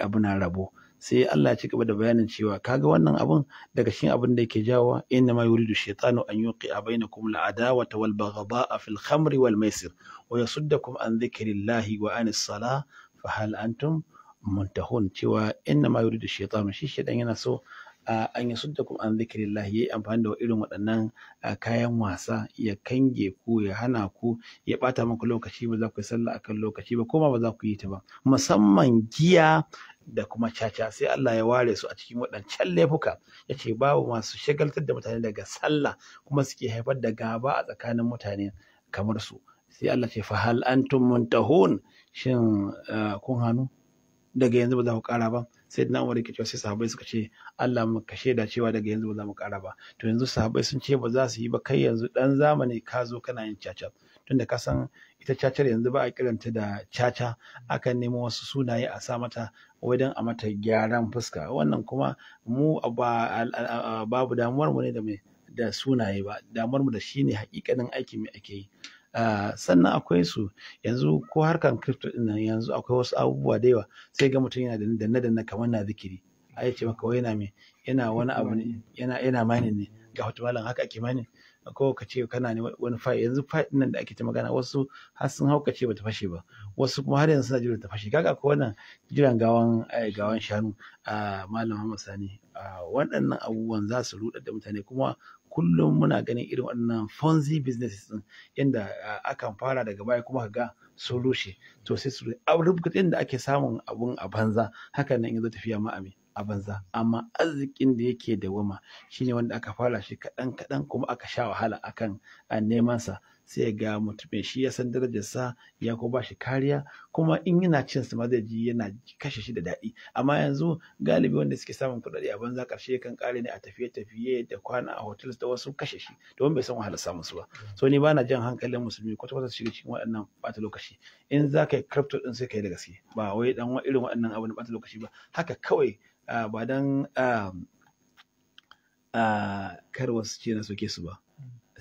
abuna rabo sai Allah ya ci gaba da bayanin cewa kaga wannan abun daga cikin abin da yake jawo inna ma yuridu shaytanu an yuqi'a bainakum al'adawata wal baghdha'a fil khamri wal maisir wa yasuddakum an dhikrillahi wa anis salah fa hal antum muntahun cewa inna ma yuridu shaytanu shi shaytan yana so an yi yasuddakum an zikrillah yayi amfani da irin waɗannan kayan wasa ya kange ku ya hana ku ya bata muku lokaci ba za ku yi sallah akan lokaci ba kuma ba za ku yi ta ba musamman giya da kuma caca sai Allah ya ware su a cikin waɗancan laifuka ya ce babu masu shagaltar da mutane daga sallah kuma suke haifar da gaba a tsakanin mutane kamar su sai Allah ce fa hal antum muntahun shin kun hannu daga yanzu ba za ku ƙara ba sai na umar rikicewa sai sahabai suka ce Allah mu ka shaida cewa daga yanzu ba za mu ƙara ba to yanzu sahabai sun ce ba za su yi ba kai yanzu dan zamani ka zo kana yin caca tunda ka san ita cacar yanzu ba a kiranta da caca akan nemo wasu sunaye a sa mata wajen a mata gyaran fuska wannan kuma mu babu damuwar mu ne da mai da sunaye ba damuwar mu da shine hakikanin aikin mai ake yi Ah, sannan akwai su yanzu ko harkan crypto din nan yanzu akwai wasu abubuwa da yawa sai ga mutum yana da danne danne kamar na zikiri ai ce maka wai yana me yana wani abu ne yana yana mani ne ga wata malam haka ake mani ko ka ce kana ne wani fayil. yanzu ɗin nan da ake ta magana wasu har sun hauka ce bata fashe ba wasu kuma har yanzu suna jiran ta fashe kaga akwai wannan jiran gawan eh, gawan shanu a ah, malam Muhammad Sani ah, waɗannan abubuwan za su ruɗar da mutane kuma kullum muna ganin irin wannan fonzi businesses din yanda akan fara daga baya kuma ka ga sun rushe to sai su rubuta da ake samun abun a banza hakan nan in zo tafiya ma a banza amma arzikin da yake dawama shine wanda aka fara shi kaɗan kaɗan kuma aka sha wahala akan neman sa sai ga mutumin shi ya san darajarsa ya ko ba shi kariya kuma in yana cin su da yana kashe shi da daɗi amma yanzu galibi wanda suke samun kuɗaɗe a banza ƙarshe kan ƙare ne a tafiye-tafiye da kwana a otal da wasu kashe shi domin bai san wahala samun su ba so ni ba na jan hankalin musulmi kwata kwata shiga cikin waɗannan ɓata lokaci in za ka yi crypto ɗin sai ka yi da gaske ba wai dan irin waɗannan abu na ɓata lokaci ba haka kawai ah, ba dan ah, ah, kar wasu ce na soke su ba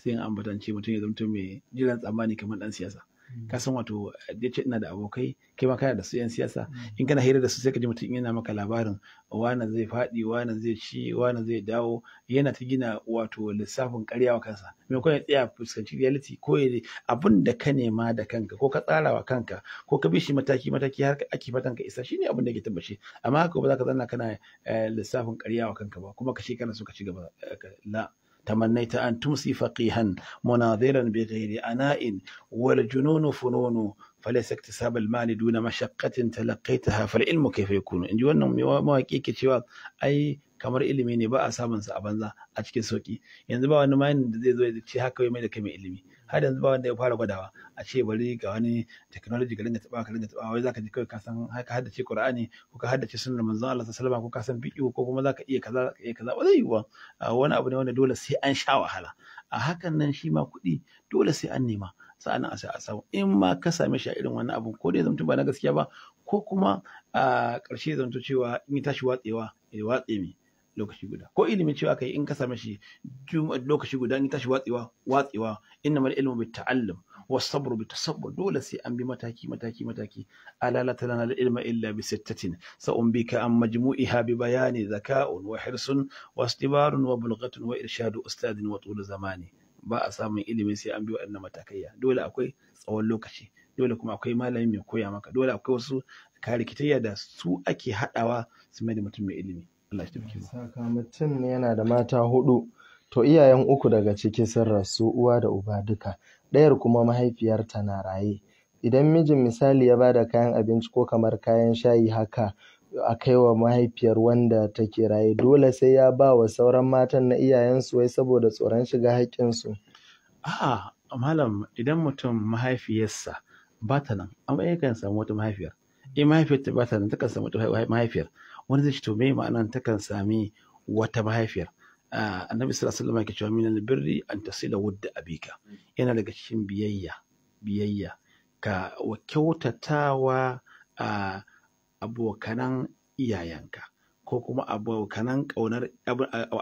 sai in ambatance mutum ya zamto mai jiran tsammani kamar dan siyasa hmm. ka san wato da ce ina da abokai kai ma kana da su yan siyasa hmm. in kana hira da su sai ka ji mutum yana maka labarin wannan zai faɗi wannan zai ci wannan zai dawo yana ta gina wato lissafin ƙarya wa kansa maimakon ya tsaya fuskanci reality ko ya abin da ka nema da kanka ko ka tsara wa kanka ko ka bi shi mataki mataki har ake fatan ka isa shine abin da ke tabbace amma haka ba za ka zanna kana eh, lissafin ƙarya wa kanka ba kuma ka shi kana so ka ci gaba eh, la تمنيت أن تمسي فقيها مناظرا بغير أناء والجنون فنون فليس اكتساب المال دون مشقة تلقيتها فالعلم كيف يكون إن جوان مواكيك تشواط أي كمر إلمي نباء سامن سأبنزا أجكي سوكي يعني نباء أنه ما ينزل ذوي ذكي هكو يميلك إلمي har yanzu ba wanda ya fara gwadawa a ce bari ga wani technology ga dinga taba ka dinga taba wai zaka ji kai ka san ka haddace Qur'ani ko ka haddace sunnar manzon Allah sallallahu alaihi wasallam ko ka san fiqh ko kuma zaka iya kaza zaka iya kaza ba zai yiwu ah, wani abu ne wanda dole sai an sha wahala a hakan nan shi ma kuɗi dole sai an nema sa'annan a a samu in ma ka same shi a irin wannan abu ko dai zamtu ba na gaskiya ba ko kuma a ah, ƙarshe zamtu cewa in tashi watsewa ya watse mi lokaci guda ko ilimin cewa kai in ka same shi lokaci guda ni tashi watsewa watsewa mal ilmu bit ta'allum wa sabru bit tasabbur dole sai an bi mataki mataki mataki ala la talana al ilma illa bi sittatin sa umbika an majmu'iha bi bayani zaka'un wa hirsun wa istibarun wa bulghatun wa irshadu ustadin wa tul zamani ba a samun ilimi sai an bi waɗannan matakaiya dole akwai tsawon lokaci dole kuma akwai malami mai koya maka dole akwai wasu karikitayya da su ake haɗawa su mai da mutum mai ilimi Allah ya taimake mu sakamacin yana da mata hudu to iyayen uku daga ciki sun rasu uwa da uba duka ɗayar kuma mahaifiyarta na raye idan mijin misali ya ba da kayan abinci ko kamar kayan shayi haka a kai wa mahaifiyar wanda take raye dole sai ya ba wa sauran matan na iyayensu wai saboda tsoron shiga haƙƙinsu. A'a, malam idan mutum mahaifiyarsa ba ta nan, amma yakan samu wata mahaifiyar. In eh, mahaifiyar ta ba ta nan, takan samu wata mahaifiyar. wani zai ce to me ta kan sami wata mahaifiyar annabi sallallahu alaihi wasallam yake cewa minal birri an tasila wudda abika yana daga cikin biyayya biyayya ka wa kyautatawa a abokanan iyayenka ko kuma abokanan kaunar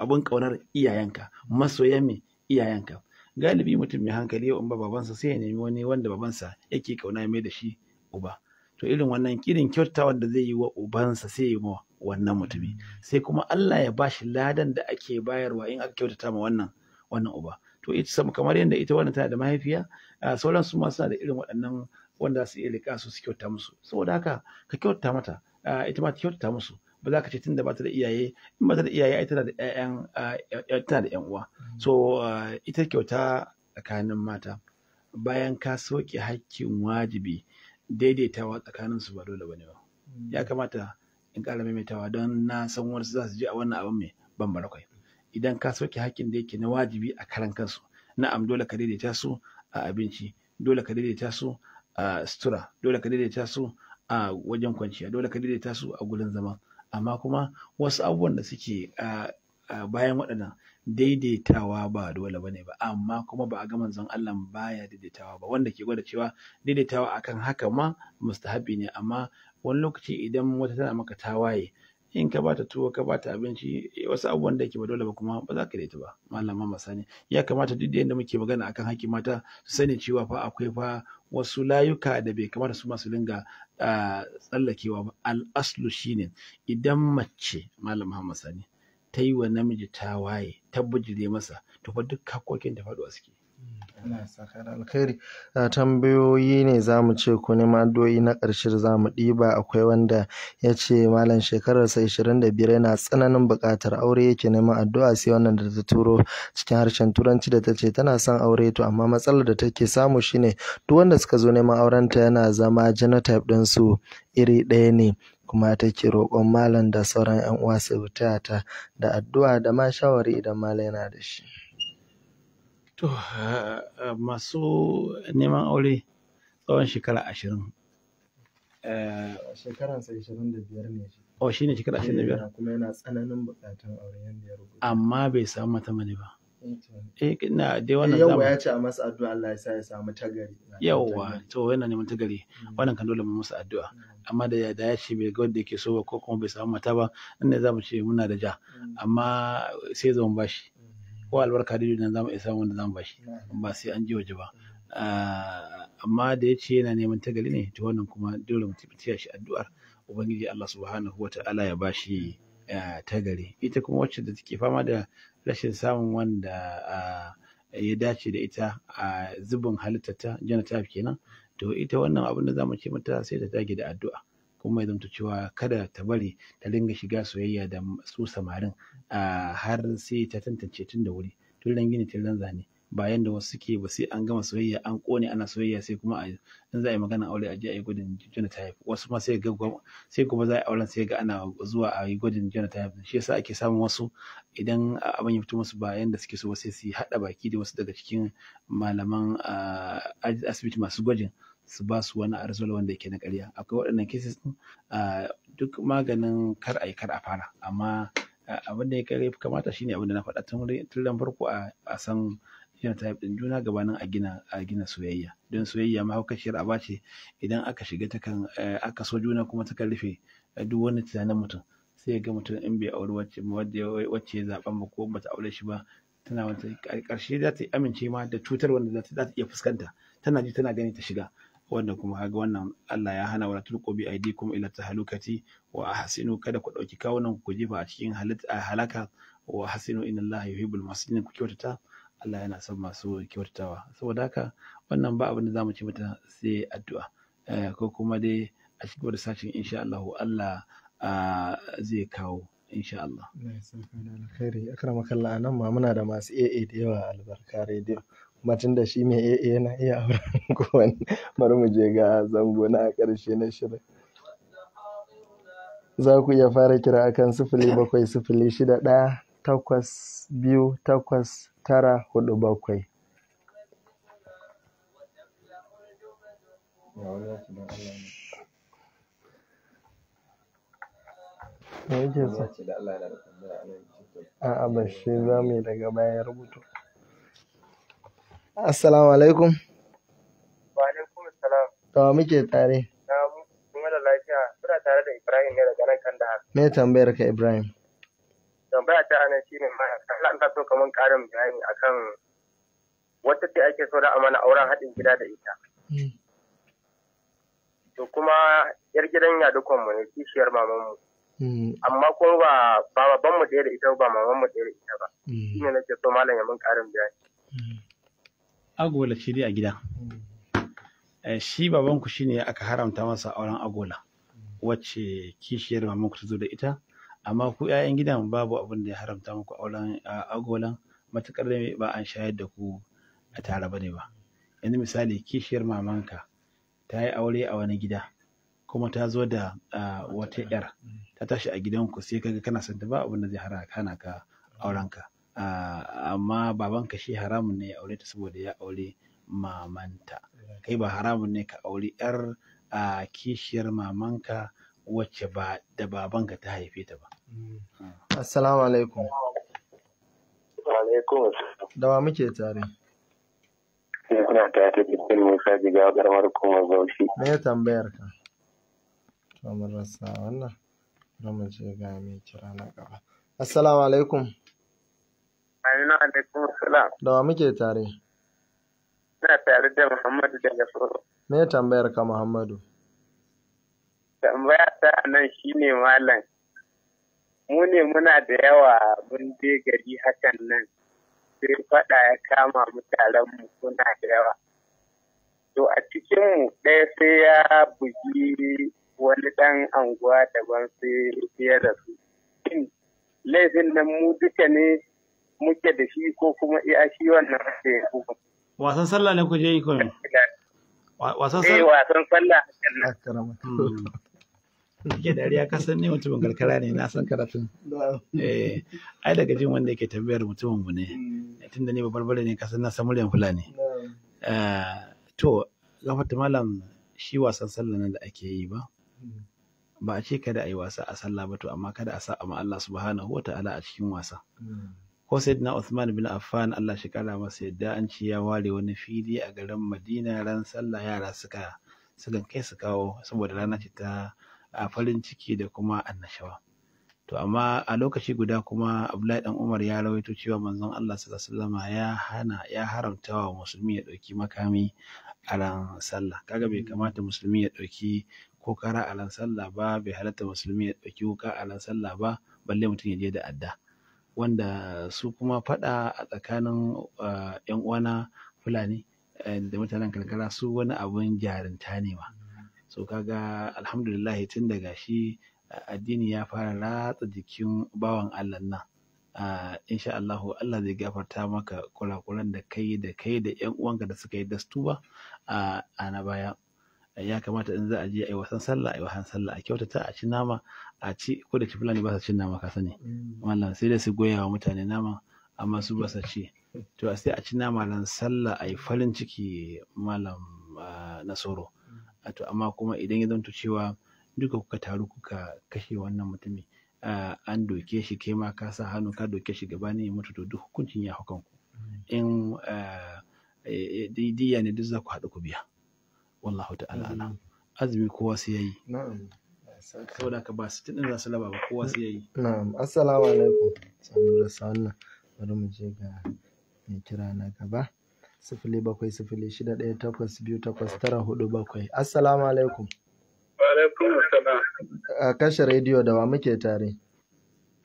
abin kaunar iyayenka masoyan me iyayenka galibi mutum mai hankali ya umba babansa sai ya nemi wani wanda babansa yake kauna mai da shi uba to irin wannan kirin kyautatawa da zai yi wa ubansa sai ya yi mawa wannan mutumi sai kuma Allah ya bashi ladan da ake bayarwa in aka kyautata ma wannan wannan uba to ita sama kamar yadda ita wannan tana da mahaifiya sauran su ma suna da irin waɗannan wanda su iya rika su su kyauta musu saboda haka ka kyautata mata ita ma ta kyautata musu ba za ka ce tunda ba ta da iyaye in ba ta da iyaye ai tana da ƴaƴan tana da ƴan uwa mm. so ita kyauta tsakanin mata bayan ka soke hakkin wajibi daidaitawa tsakanin su ba dole bane ba mm. ya kamata in ƙara maimaitawa don na san wasu za su je a wannan abin mai ban barakwai idan ka soke hakkin da yake na wajibi a karan kansu na'am dole ka daidaita su a abinci dole ka daidaita su a sutura dole ka daidaita su a wajen kwanciya dole ka daidaita su a gurin zama amma kuma wasu abubuwan da suke bayan waɗannan daidaitawa ba dole bane ba amma kuma ba a ga manzon Allah baya daidaitawa ba wanda ke gwada cewa daidaitawa akan haka ma mustahabi ne amma wani lokaci idan wata tana maka tawaye in ka bata tuwo ka bata abinci eh, wasu abubuwan da ke ba dole ba kuma ba za ka daita ba malama masani ya kamata duk da yadda muke magana akan haƙƙin mata su sani cewa fa akwai fa wasu layuka da bai kamata su masu dinga tsallakewa ba al'aslu shine idan mace malama sani ta yi wa namiji tawaye ta bijire masa to fa duk hakkokin ta faɗuwa suke Allah ya alkhairi tambayoyi ne za mu ce ku nema addu'o'i na ƙarshe za mu ɗiba akwai wanda ya ce malam shekararsa ishirin yana tsananin buƙatar aure yake neman addu'a sai wannan da ta turo cikin harshen turanci da ta ce tana son aure to amma matsalar da take samu shine duk wanda suka zo neman aurenta yana zama genotype ɗinsu iri ɗaya ne kuma take roƙon malam da sauran 'yan uwa su ta da addu'a da ma shawari idan malam yana da shi. To, eh, eh, masu neman aure tsawon shekara ashirin. Eh, Shekaransa ashirin da biyar ne shi. O oh, shi ne shekara ashirin da biyar. Kuma yana tsananin aure yadda ya rubuta. Amma bai samu mata mani ba. Eh, na dai wannan ya ce a masa addu'a Allah ya sa ya samu tagari. Yawwa, to yana neman tagari. Mm. Wannan kan dole mu masa addu'a. Mm. Amma da da ya ce bai ga wanda yake so ba ko kuma bai samu mata ba, nan ne za mu ce muna da ja. Mm. Amma sai zan bashi. ko albarka da nan zamu isa wanda zamu bashi ba sai an je waje ba ah, amma da ya ce yana neman tagali ne to wannan kuma dole mu tabbata shi addu'ar ubangiji Allah subhanahu wata'ala ya bashi ah, tagari ita kuma wacce da take fama da rashin samun wanda ah, ya dace da ita a zubin halittata janata kenan to ita wannan abin da zamu ce mata sai ta dage da addu'a kuma ya zamto cewa kada ta bari ta dinga shiga soyayya da su samarin har sai ta tantance tun da wuri tun gini tun zane ba yanda wasu suke ba sai an gama soyayya an kone ana soyayya sai kuma a in za a yi magana aure a je a yi gwajin genotype wasu ma sai ga sai kuma za a yi auren sai ga ana zuwa a yi gwajin genotype shi yasa ake samun wasu idan abin ya fito musu ba yanda suke so ba sai su yi haɗa baki da wasu daga cikin malaman asibiti masu gwajin su ba su wani arzol wanda yake na ƙarya akwai waɗannan cases a duk maganin kar a yi kar a fara amma abin da ya kare kamata ne abin da na faɗa tun ran farko a san ta din juna gabanin a gina a gina soyayya don soyayya mahaukaciyar aba ce idan aka shiga ta kan aka so juna kuma ta kan rufe duk wani tunanin mutum sai ga mutum in bai auri wacce wacce ya zaɓa ba ko bata aure shi ba tana wata ƙarshe za ta amince ma da cutar wanda za ta iya fuskanta tana ji tana gani ta shiga wanda kuma kaga wannan Allah ya hana wala tulqu bi kuma ila tahlukati wa ahsinu kada ku dauki kawunan ku jefa a cikin halaka wa ahsinu inna Allah yuhibbul muhsinin ku kiwata Allah yana son masu kyautatawa saboda haka wannan ba abin da zamu ci mata sai addu'a eh, ko kuma dai a cikin da sashin insha Allah Allah zai kawo insha Allah. akrama kallan nan ma muna da masu AA da yawa albarka rediyo batun da shi mai AA yana iya auren kowanne bari mu je ga zango na ƙarshe na shirin. Za ku iya fara kira akan sifili bakwai sifili shida ɗaya takwas biyu takwas tara hudu bakwai. A'a ba shi za mu yi daga bayan rubutu. Assalamu alaikum. Wa alaikum salam. To muke tare. Na kuma da lafiya, kuna tare da Ibrahim ne daga nan kan da Me tambayar ka Ibrahim? Tambaya ta ana shi ne ma Allah ta so kaman karin bayani akan wata ce ake so da amana auren haɗin gida da ita. Mm. To kuma yar gidan ya dukkan mu ne kishiyar maman mu. Mm. Amma ko ba ba babban mu da ita ba maman mu da ita ba. Mm. Shi ne nake so malam ya mun karin bayani. agola ce dai a gida hmm. eh, shi babanku shine aka haramta masa auren agola wacce kishiyar mamanku ta zo da ita amma ku 'ya'yan gidan babu abin da ya haramta muku auren agolan matuƙar da ba an shayar da ku a tare bane ba yanzu misali kishiyar mamanka ta yi aure a wani gida kuma ta zo da wata 'yar ta tashi a gidanku sai kaga kana son ba abin da zai hana ka aurenka Ah, amma babanka shi haramun ne ya aure ta saboda ya aure mamanta kai ba haramun ne ka aure yar ah, kishiyar mamanka wacce ba da babanka ta haife ta ba ah. assalamu alaikum alaikum dawa muke tare kuna ta ta cikin musa jiga karamar kuma bauchi me ya tambayar ka to mun rasa wannan na mu ga mai kira na gaba assalamu alaikum Aminu kuma salam. Da wa muke tare? Ina tare da Muhammadu daga Soro. Me tambayar ka Muhammadu? Tambaya ta nan ne malam. Mu ne muna da yawa mun je gari hakan nan. Sai faɗa ya kama mu taron mu kuna da yawa. To a cikin ɗaya sai ya bugi wani ɗan anguwa daban sai ya rasu. Laifin nan mu duka ne muke da shi ko kuma iya shi wannan ake wasan sallah ne ku je yi ne eh, wasan sallah eh wasan sallah karama dariya ka san ne mutumin karkara ne na san karatun eh ai daga jin wanda yake tabbiyar mutumin mu ne hmm. tunda ne babarbare ne ka san na san muryan fulani eh, to gafarta malam shi wasan sallah nan da ake yi ba hmm. ba a ce kada a yi wasa a sallah ba to amma kada a sa amma Allah subhanahu wa ta'ala a cikin wasa hmm. ko na Usman bin Affan Allah shi kara masa yadda an ci ya ware wani fili a garin Madina ran sallah yara suka suka kai su kawo saboda rana ce ta farin ciki da kuma annashawa to amma a lokaci guda kuma Abdullahi dan Umar ya rawaito cewa manzon Allah sallallahu alaihi ya hana ya haramta wa musulmi ya ɗauki makami a ran sallah kaga bai kamata musulmi ya ɗauki ko kara a ran sallah ba bai halatta musulmi ya dauki wuka a ran sallah ba balle mutum ya je da adda wanda su kuma faɗa a tsakanin yan uwana fulani eh, da mutanen karkara su wani abun jarinta ne ma so kaga alhamdulillah tun daga shi addini ya fara ratsa jikin bawan Allah nan insha Allahu Allah zai gafarta maka kurakuran da kai da kai da yan uwanka da suka yi dastuba a na baya ya kamata in za a je a yi wasan sallah a yi wasan sallah a kyautata a ci nama a ci ko da ki fulani ba sa cin nama ka sani mallam mm. sai da su goya wa mutane nama amma su ba sa ci to sai a ci nama lan sallah a yi farin ciki malam ah, nasoro mm. to amma kuma idan ya zanto cewa duka kuka taru kuka kashe wannan mutumi an doke shi kai ma ka sa hannu ka doke shi gaba ne mutu to duk hukuncin ya hukanku mm. in ah, eh, eh, diya ne duk za ku haɗu ku biya wallahu ta'ala alam azumi kowa sai yayi na'am saboda ka ba sitin din zasu laba ba kowa sai yayi na'am assalamu alaikum sanu da sanna bari mu je ga mai kira na gaba sifili assalamu alaikum wa alaikum assalam a kashe rediyo da wa muke tare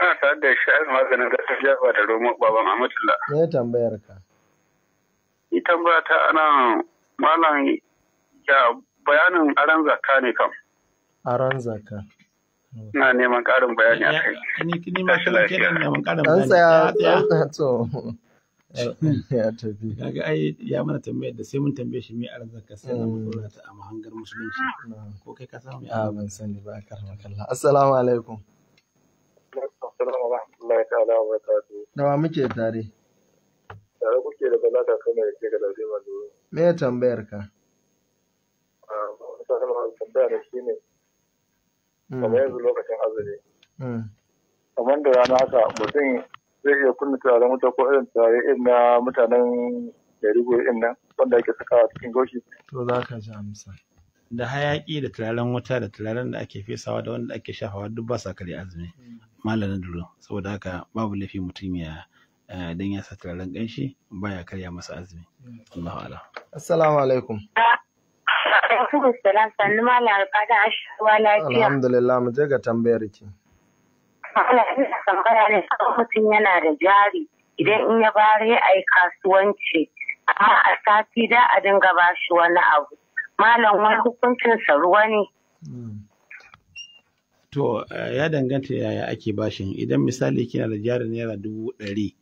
a tare da shi sha'ar maganin gargajiya ba da romo baban Amatullah. Me tambayar ka? ita tambaya ta ana malam Ya bayanin aran zaka ne kam. Aran zaka. Na neman ƙarin bayani a kai. Ni ki nema kalan kenan neman ƙarin bayani. An tsaya to. Ya tafi. Kaga ai ya mana tambayar da sai mun tambaye shi me arzaka sai na mun mm. ta a mahangar musulunci. Mm. Ko kai ka samu ya. Ah, ban sani ba karma kallah. Assalamu alaikum. Nawa muke tare? Tare kuke da bala ka kuma ya ce ka da zai Me tambayar ka? sa kalmar tambaya da shi ne kamar yanzu lokacin azumi hmm. kamar da rana haka mutum zai iya kunna turaren wuta ko irin turare irin na mutanen gari ko irin nan wanda ake sakawa cikin goshi to za ka ji amsa da hayaƙi da turaren wuta da turaren da ake fesawa da wanda ake shafawa duk ba sa karya azumi malamin duro saboda haka babu laifi mutum ya eh, dan ya sa turaren ƙanshi baya karya masa azumi Allahu ala assalamu alaikum alaikum salam sannu malam alƙada ashewa lafiya. Alhamdulillah mu je ga tambayar ki. Malam ina tambaya ne kawai mutum yana da jari idan in ya bari a yi kasuwanci amma a sati da a dinga ba shi wani abu. Malam wani hukuncin sa ruwa ne. Hmm. To eh, ya danganta yaya ake bashin idan misali kina da jari naira dubu ɗari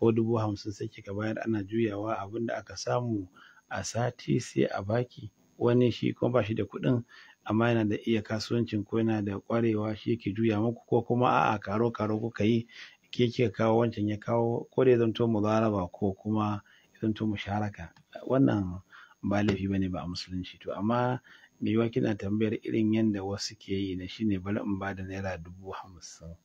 ko dubu hamsin sai kika bayar ana juyawa abin da aka samu a sati sai a baki wani shi kuma ba shi da kuɗin amma yana da iya kasuwancin ko yana da ƙwarewa shi yake juya muku ko kuma a'a karo karo kuka yi ke kika kawo wancan ya kawo ko da ya mu muzaraba ko kuma ya mu musharaka wannan ba laifi ne ba a musulunci to amma me yiwuwa kina tambayar irin yadda wasu ke yi na shine bari in bada naira dubu hamsin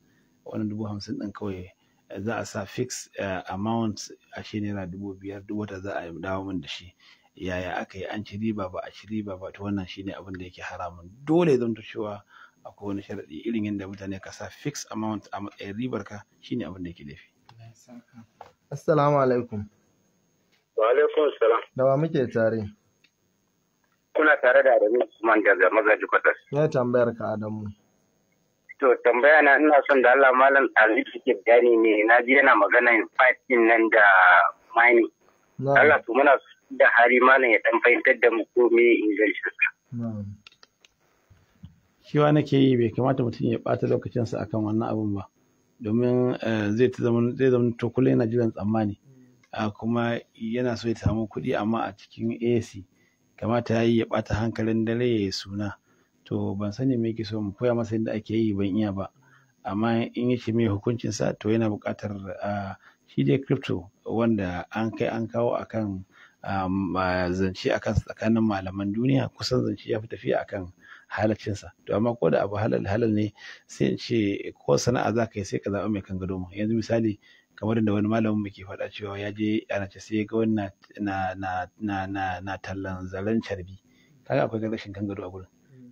wannan dubu hamsin ɗin kawai za a sa fix eh, amount a shi naira dubu biyar duk wata za a dawo min da shi yaya aka yi an ci riba ba a ci riba ba to wannan shine abin da yake haramun dole ya zanto cewa akwai wani sharadi irin yadda mutane ka sa fix amount a matsayin ribar ka shine abin da yake laifi assalamu alaikum wa alaikum salam da wa muke tare kuna tare da Adamu Usman daga Magaji Kwatas ya tambayar ka Adamu to tambaya na ina son da Allah malam Aliyu ke gani ne na ji yana magana in fighting nan da mining Allah to muna da hari malam ya dan fahimtar da mu ko me ingancin shi wa nake yi bai kamata mutum ya ɓata lokacinsa akan wannan abun ba domin eh, zai zama zai zama to kullum yana jiran tsammani ah, kuma yana so ya samu kuɗi amma a cikin AC kamata ya yi ya ɓata hankalin dare ya suna to ban sani me yake so mu koya masa yadda ake yi ban iya ba amma in yake mai hukuncin sa to yana buƙatar ah, shi dai crypto wanda an kai an kawo akan zance a kansa tsakanin malaman duniya kusan zance ya fi tafiya akan halaccinsa to amma ko da abu halal halal ne sai in ce ko sana'a za ka yi sai ka zaɓa mai kan gado yanzu misali kamar da wani malamin mu ke faɗa cewa ya je ana ce sai ga wani na na na na tallan zaren carbi kaga akwai rashin kan gado a gurin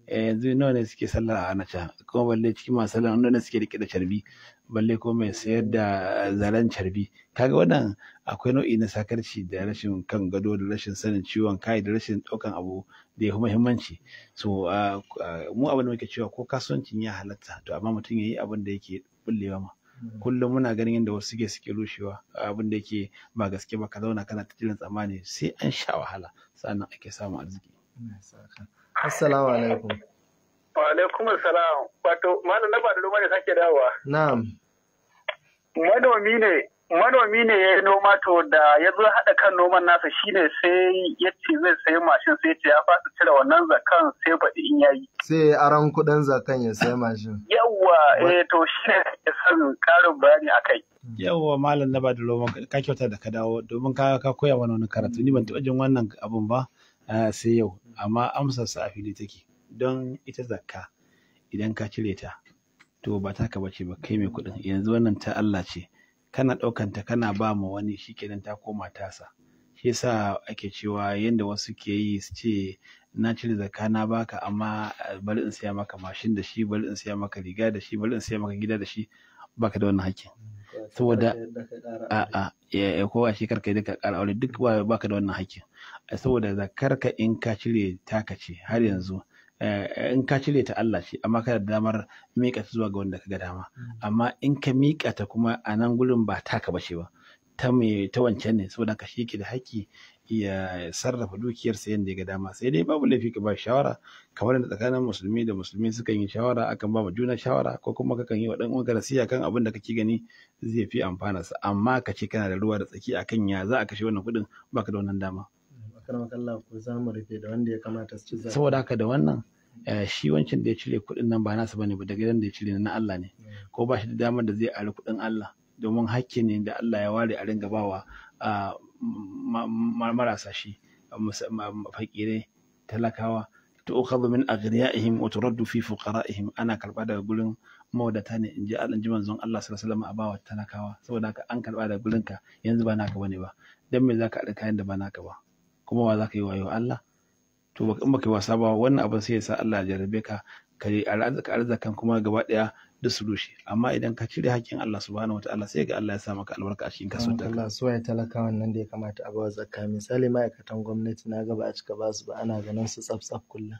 Eh, yanzu nawa ne suke sallah a anacha kuma balle cikin masu sallah nawa ne suke rike da carbi balle ko mai sayar da zaren carbi kaga wannan akwai nau'i na sakarci da rashin kan gado da rashin sanin ciwon kai da rashin ɗaukan abu da ya fi muhimmanci so mu abin da muke cewa ko kasuwancin ya halatta to amma mutum ya yi abin da yake bullewa ma mm. kullum muna ganin yadda wasu suke suke rushewa abin da yake ba gaske ba ka zauna kana ta jiran tsammani sai an sha wahala sannan ake samun arziki. Assalamu alaikum. Wa alaikum assalam. Wato malam na ba da noma ne sake dawowa. Na'am. Manomi ne manomi ne ya yi noma to da ya zo haɗa kan noman nasa shi ne sai ya ce zai sayi mashin sai ce ya fasa cire wannan zakan sai baɗi in ya yi. Sai aron kuɗin zakan ya sayi mashin. Yawwa eh to shine ya san ƙarin bayani a kai. Yawwa malam na ba da noma ka kyauta da ka dawo domin ka koya wani karatu ni ban taɓa jin wannan abun ba. sai yau amma amsar a fili take don ita zakka idan ka cire ta to ba taka bace ba kai mai kuɗin yanzu wannan ta Allah ce kana ɗaukan ta kana ba ma wani shikenan ta koma tasa shi yasa ake cewa yanda wasu ke yi su ce na cire zakka na baka amma bari in siya maka mashin da shi bari in siya maka riga da shi bari in siya maka gida da shi baka da wannan hakkin saboda a ya kowa shi karka duka kara aure duk ba baka da wannan hakkin saboda zakarka in ka cire taka ce har yanzu eh, in ka cire ta Allah ce amma kana da damar miƙa ta zuwa ga wanda ka ga dama mm. amma in ka miƙa ta kuma a nan gurin ba taka ba ce ba ta mai ta wancan ne saboda ka shi da haƙƙi ya sarrafa dukiyarsa yadda ya ga dama sai dai babu laifi ka ba shawara kamar da tsakanin musulmi da musulmi sukan yi shawara akan ba juna shawara ko kuma kakan yi wa ɗan uwanka nasiha kan abin da kake gani zai fi amfana sa amma ka ce kana da ruwa da tsaki akan ya za a kashe wannan kuɗin baka da wannan dama saboda haka da wannan eh, shi wancan da ya cire kuɗin nan ba nasa bane ba daga gidan da ya cire na Allah ne mm. ko ba shi da damar da zai ari kuɗin Allah domin hakki ne da Allah ya ware a ringa bawa marasa shi fakirai talakawa a ukhadhu min aghniyaihim wa turaddu fi fuqara'ihim ana karba daga gurin mawadata ne inji Allah inji manzon Allah sallallahu alaihi wasallam a bawa talakawa saboda haka an karba daga gurin ka yanzu ba naka bane ba dan me zaka aɗa kayan da ba naka ba kuma wa zaka yi wayo Allah to in baka wasa ba wannan abin sai ya sa Allah ya jarrabe ka ka arzika arzakan kuma gaba daya da su rushe amma idan ka cire hakkin Allah subhanahu wataala sai ga Allah ya sa maka albarka a cikin kasuwar Allah su waye talakawan nan da ya kamata a bawa zakka misali ma'aikatan gwamnati na gaba a cika ba su ba ana ganin su tsaf tsaf kullum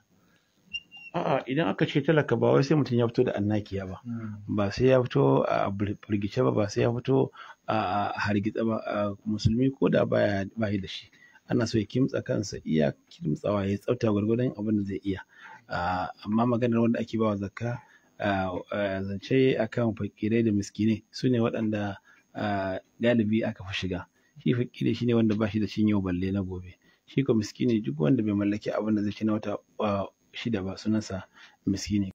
a'a idan aka ce talaka ba wai sai mutum ya fito da annakiya ba hmm. ba sai ya fito a burgice ba ba sai ya fito a hargitsa ba musulmi ko da baya bayi da shi ana so ya kimtsa kansa iya kimtsawa ya tsafta gwargwadon abin da zai iya amma maganar wanda ake bawa zakka zance akan fakirai da miskinai su ne waɗanda galibi aka fi shiga shi fakiri shi ne wanda ba shi da cin yau balle na gobe shi ko miskini duk wanda bai mallaki abin da zai ci na wata shida ba sunansa miskini